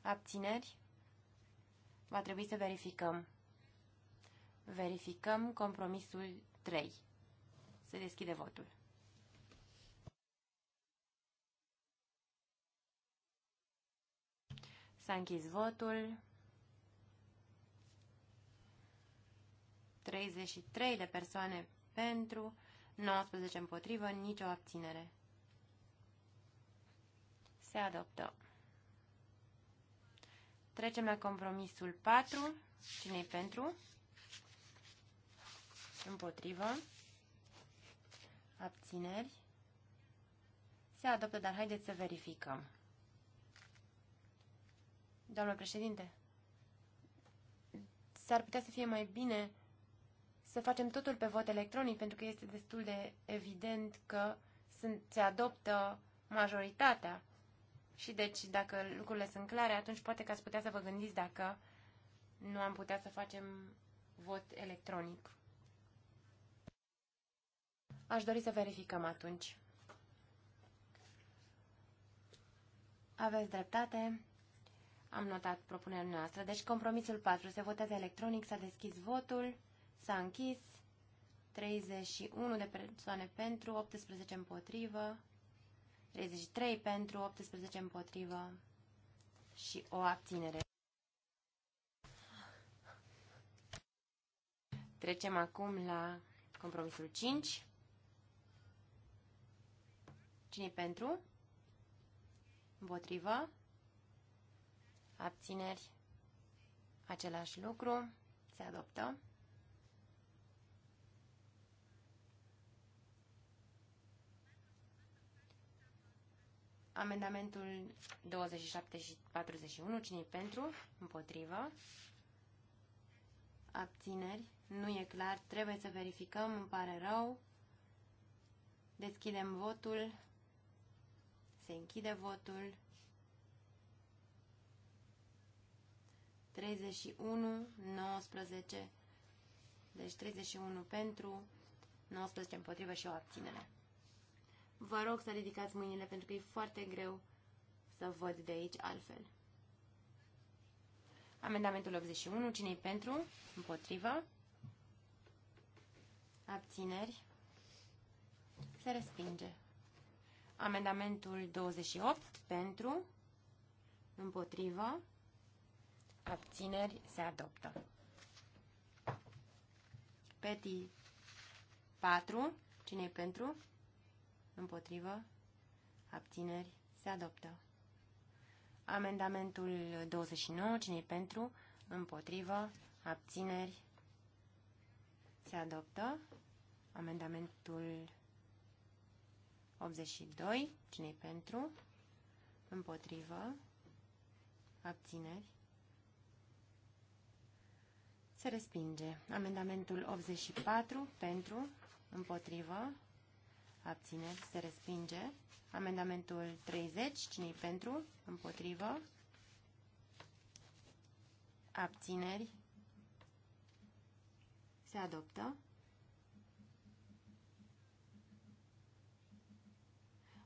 A: Abțineri? Va trebui să verificăm. Verificăm compromisul 3. Se deschide votul. S-a închis votul. 33 de persoane pentru, 19 împotrivă, nicio abținere. Se adoptă. Trecem la compromisul 4. cine pentru? Împotrivă. Abțineri. Se adoptă, dar haideți să verificăm. Doamnă președinte, s-ar putea să fie mai bine să facem totul pe vot electronic, pentru că este destul de evident că sunt, se adoptă majoritatea. Și deci, dacă lucrurile sunt clare, atunci poate că ați putea să vă gândiți dacă nu am putea să facem vot electronic. Aș dori să verificăm atunci. Aveți dreptate. Am notat propunerea noastră. Deci compromisul 4 se votează electronic, s-a deschis votul, s-a închis. 31 de persoane pentru, 18 împotrivă, 33 pentru, 18 împotrivă și o abținere. Trecem acum la compromisul 5. Cine pentru? Împotrivă? abțineri, același lucru, se adoptă. Amendamentul 27 și 41, cine pentru? Împotrivă. Abțineri. Nu e clar, trebuie să verificăm, îmi pare rău. Deschidem votul. Se închide votul. 31, 19, deci 31 pentru, 19 împotrivă și o abținere. Vă rog să ridicați mâinile pentru că e foarte greu să văd de aici altfel. Amendamentul 81, cine pentru? Împotrivă. Abțineri. Se respinge. Amendamentul 28, pentru. Împotrivă abțineri, se adoptă. Peti 4, cine pentru? Împotrivă, abțineri, se adoptă. Amendamentul 29, cine pentru? Împotrivă, abțineri, se adoptă. Amendamentul 82, cine pentru? Împotrivă, abțineri, se respinge. Amendamentul 84 pentru, împotrivă, abțineri, se respinge. Amendamentul 30, cine pentru, împotrivă, abțineri, se adoptă.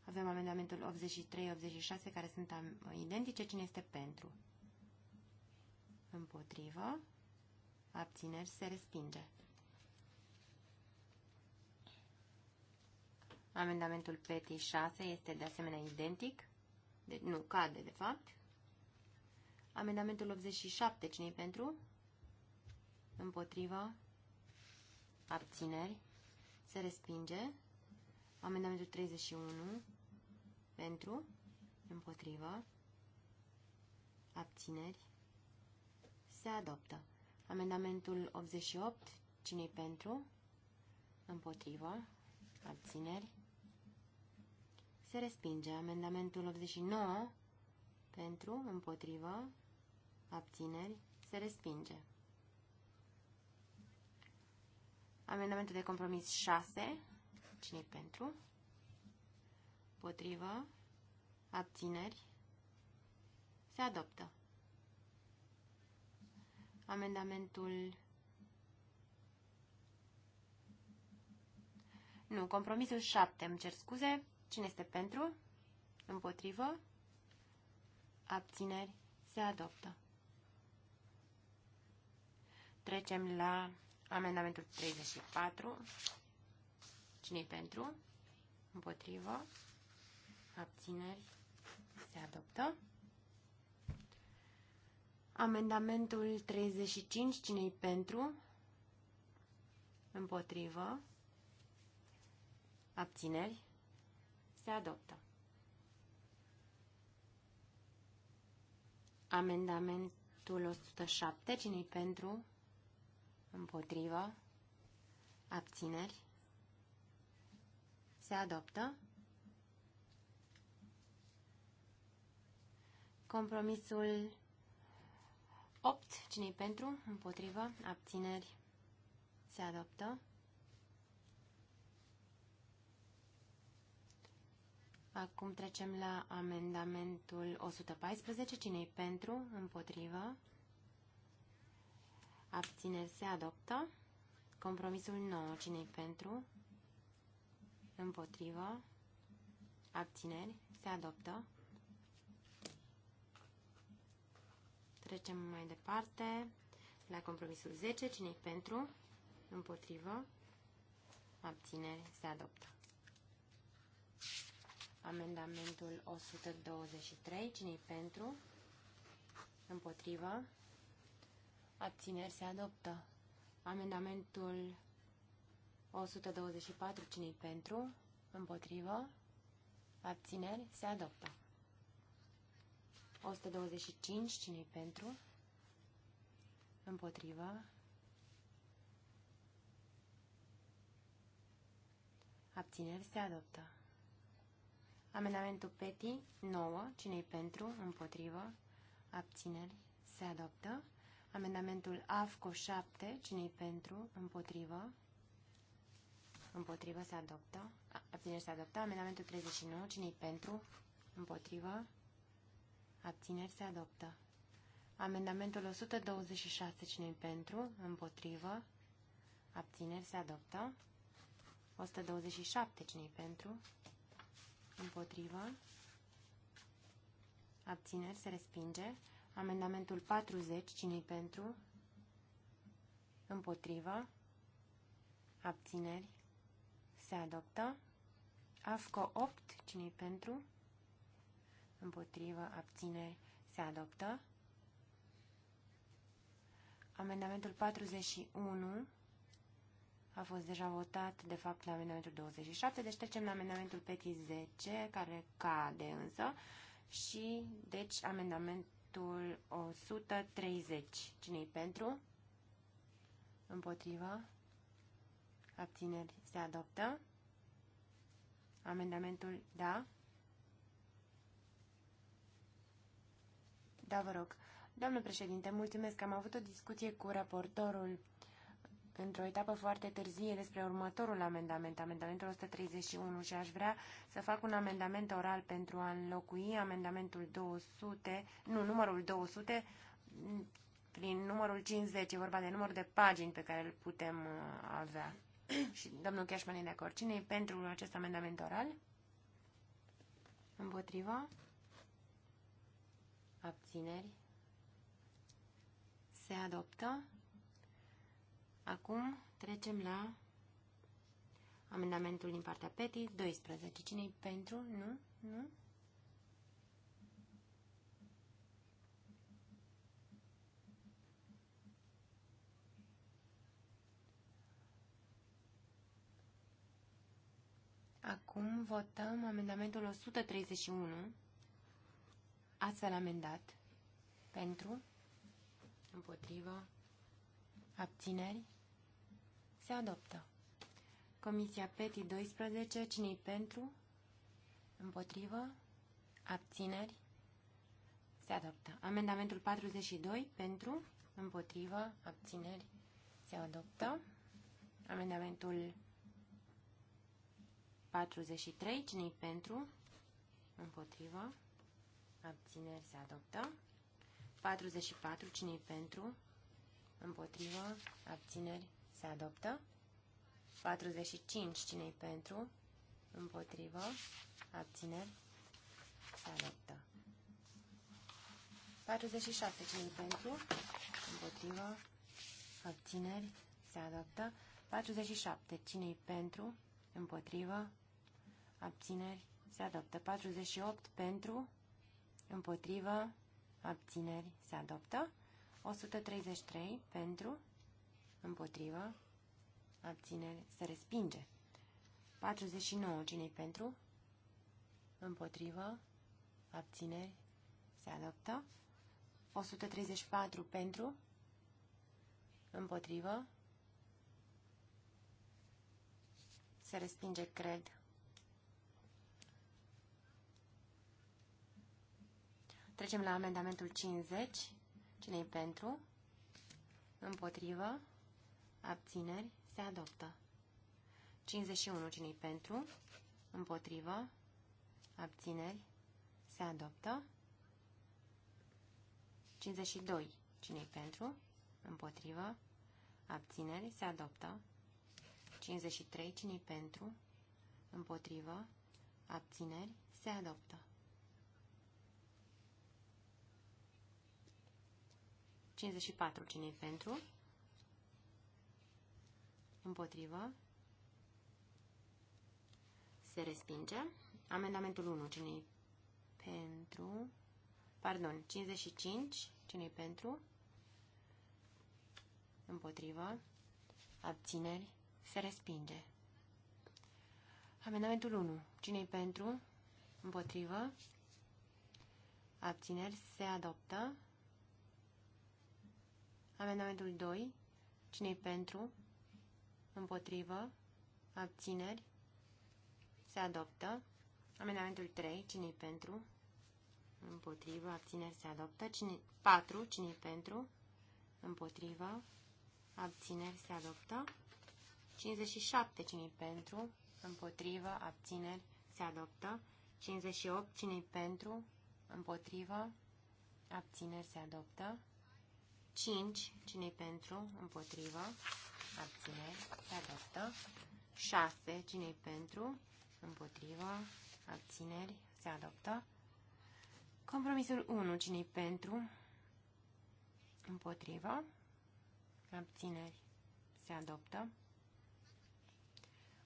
A: Avem amendamentul 83-86 care sunt identice. Cine este pentru? Împotrivă abțineri, se respinge. Amendamentul PETI 6 este de asemenea identic, De, nu cade de fapt. Amendamentul 87, cine pentru? Împotriva, abțineri, se respinge. Amendamentul 31, pentru, împotriva, abțineri, se adoptă. Amendamentul 88. cine pentru? Împotrivă. Abțineri. Se respinge. Amendamentul 89. Pentru, împotrivă, abțineri, se respinge. Amendamentul de compromis 6. cine pentru? Împotrivă, Abțineri. Se adoptă. Amendamentul... Nu, compromisul 7. Îmi cer scuze. Cine este pentru? Împotrivă? Abțineri? Se adoptă. Trecem la amendamentul 34. Cine-i pentru? Împotrivă? Abțineri? Se adoptă. Amendamentul 35, cine-i pentru? Împotrivă. Abțineri. Se adoptă. Amendamentul 107, cine-i pentru? Împotrivă. Abțineri. Se adoptă. Compromisul 8. cine pentru? Împotrivă. Abțineri. Se adoptă. Acum trecem la amendamentul 114. cine pentru? Împotrivă. Abțineri se adoptă. Compromisul 9. cine pentru? Împotrivă. Abțineri se adoptă. Trecem mai departe la compromisul 10. Cine-i pentru? Împotrivă. Abțineri. Se adoptă. Amendamentul 123. Cine-i pentru? Împotrivă. Abțineri. Se adoptă. Amendamentul 124. Cine-i pentru? Împotrivă. Abțineri. Se adoptă. 125, cine pentru? Împotriva. Abțineri se adoptă. Amendamentul PETI 9, cine pentru? Împotrivă. Abțineri se adoptă. Amendamentul AFCO 7, cine pentru? Împotrivă. Împotrivă se adoptă. Abțineri se adoptă. Amendamentul 39, cine pentru? Împotrivă. Abțineri se adoptă. Amendamentul 126. cine pentru? Împotrivă. Abțineri se adoptă. 127. cine pentru? Împotrivă. Abțineri se respinge. Amendamentul 40. cine pentru? Împotrivă. Abțineri se adoptă. AFCO 8. cine pentru? împotrivă, abțineri, se adoptă. Amendamentul 41 a fost deja votat, de fapt, la amendamentul 27, deci trecem la amendamentul petit 10, care cade însă, și, deci, amendamentul 130. Cine-i pentru? Împotriva? Abțineri se adoptă? Amendamentul da? Da, vă rog. Doamnă președinte, mulțumesc că am avut o discuție cu raportorul într-o etapă foarte târzie despre următorul amendament, amendamentul 131 și aș vrea să fac un amendament oral pentru a înlocui amendamentul 200, nu, numărul 200 prin numărul 50, e vorba de număr de pagini pe care îl putem uh, avea. și domnul Cheșman e de acord. Cine e pentru acest amendament oral? Împotriva? abțineri, se adoptă. Acum trecem la amendamentul din partea PETI 12. cine pentru? Nu? Nu? Acum votăm amendamentul 131 astfel amendat pentru, împotrivă, abțineri, se adoptă. Comisia PETI 12, cine pentru, împotrivă, abțineri, se adoptă. Amendamentul 42, pentru, împotrivă, abțineri, se adoptă. Amendamentul 43, cine pentru, împotrivă, Abțineri se adoptă. 44. cine pentru? Împotrivă. Abțineri se adoptă. 45. cine pentru? Împotrivă. Abțineri se adoptă. 47. cine pentru? Împotrivă. Abțineri se adoptă. 47. cine pentru? Împotrivă. Abțineri se adoptă. 48. Pentru? împotrivă, abțineri, se adoptă. 133 pentru, împotrivă, abțineri, se respinge. 49 cine pentru, împotrivă, abțineri, se adoptă. 134 pentru, împotrivă, se respinge, cred, Trecem la amendamentul 50. Cine-i pentru? Împotrivă? Abțineri? Se adoptă. 51. Cine-i pentru? Împotrivă? Abțineri? Se adoptă. 52. Cine-i pentru? Împotrivă? Abțineri? Se adoptă. 53. Cine-i pentru? Împotrivă? Abțineri? Se adoptă. 54. cine pentru? Împotrivă. Se respinge. Amendamentul 1. cine pentru? Pardon, 55. cine pentru? Împotrivă. Abțineri. Se respinge. Amendamentul 1. Cine-i pentru? Împotrivă. Abțineri. Se adoptă. Amendamentul 2. Cine-i pentru? Împotrivă? Abțineri? Se adoptă. Amendamentul 3. Cine-i pentru? Împotrivă? Abțineri? Se adoptă. Cine 4. Cine-i pentru? Împotrivă? Abțineri? Se adoptă. 57. Cine-i pentru? Împotrivă? Abțineri? Se adoptă. 58. Cine-i pentru? Împotrivă? Abțineri? Se adoptă. 5. Cine-i pentru? Împotrivă. abține, Se adoptă. 6. Cine-i pentru? Împotrivă. Abțineri. Se adoptă. Compromisul 1. Cine-i pentru? Împotrivă. Abțineri. Se adoptă.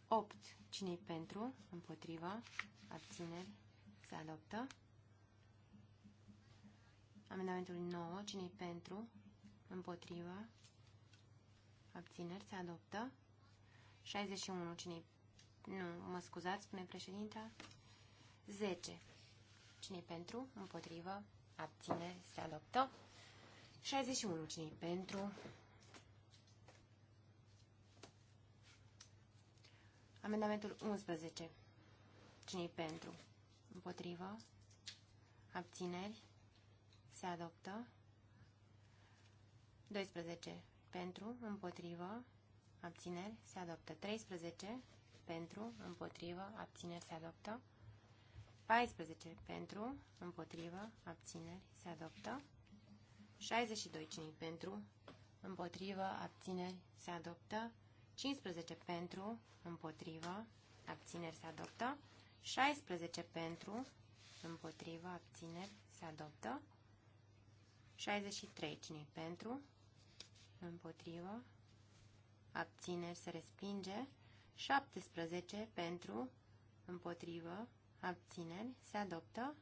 A: 8. Cine-i pentru? Împotrivă. Abțineri. Se adoptă. Amendamentul 9. Cine-i pentru? Împotrivă. Abțineri. Se adoptă. 61. cine Nu, mă scuzați, spune președinta. 10. cine pentru? Împotrivă. Abțineri. Se adoptă. 61. cine pentru? Amendamentul 11. cine pentru? Împotrivă. Abțineri. Se adoptă. 12 pentru, împotrivă, abțineri, se adoptă. 13 pentru, împotrivă, abțineri, se adoptă. 14 pentru, împotrivă, abțineri, se adoptă. 62 cine pentru, împotrivă, abțineri, se adoptă. 15 pentru, împotrivă, abțineri, se adoptă. 16 pentru, împotrivă, abțineri, se adoptă. 63 cine pentru, împotrivă, abțineri se respinge, 17 pentru, împotrivă, abțineri se adoptă,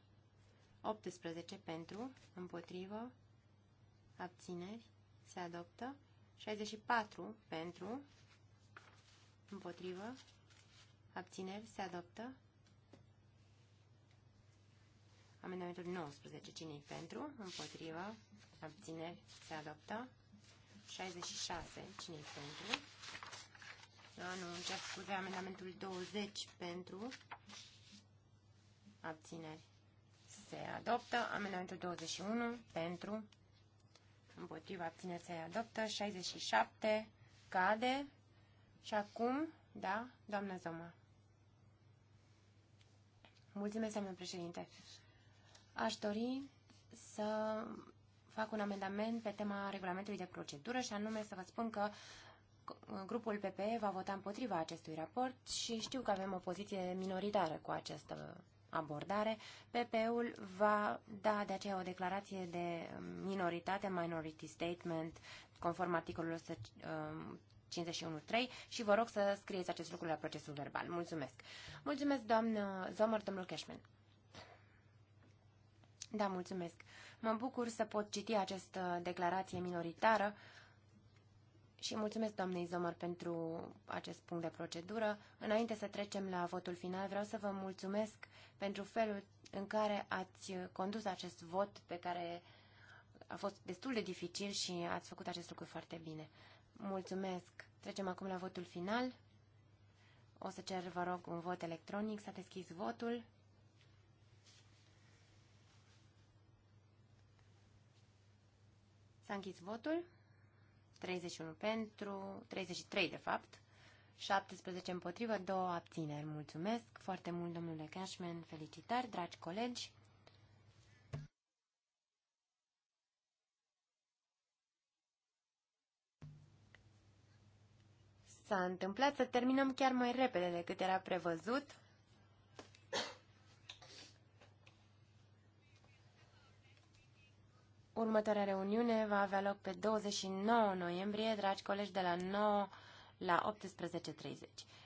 A: 18 pentru, împotrivă, abțineri se adoptă, 64 pentru, împotrivă, abțineri se adoptă, Amendamentul 19. cine pentru? Împotrivă. Abțineri. Se adoptă. 66. cine pentru? Da, nu, încerc scuze, amendamentul 20 pentru abțineri. Se adoptă amendamentul 21 pentru împotriva abțineri se adoptă 67 cade și acum, da, doamna Zoma. Mulțumesc, domnule președinte. Aș dori să fac un amendament pe tema regulamentului de procedură și anume să vă spun că grupul PPE va vota împotriva acestui raport și știu că avem o poziție minoritară cu această abordare. PPE-ul va da de aceea o declarație de minoritate, minority statement, conform articolului 51.3 um, și vă rog să scrieți acest lucru la procesul verbal. Mulțumesc. Mulțumesc, doamnă Zomăr, domnul Cashman. Da, mulțumesc. Mă bucur să pot citi această declarație minoritară și mulțumesc doamnei Zomăr pentru acest punct de procedură. Înainte să trecem la votul final, vreau să vă mulțumesc pentru felul în care ați condus acest vot pe care a fost destul de dificil și ați făcut acest lucru foarte bine. Mulțumesc! Trecem acum la votul final. O să cer, vă rog, un vot electronic. să deschis votul. S-a închis votul. 31 pentru, 33 de fapt, 17 împotrivă, 2 abțineri. Mulțumesc foarte mult, domnule Cashman. Felicitări, dragi colegi. S-a întâmplat să terminăm chiar mai repede decât era prevăzut. Următoarea reuniune va avea loc pe 29 noiembrie, dragi colegi, de la 9 la 18.30.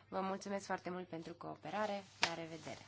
A: Vă mulțumesc foarte mult pentru cooperare. La revedere!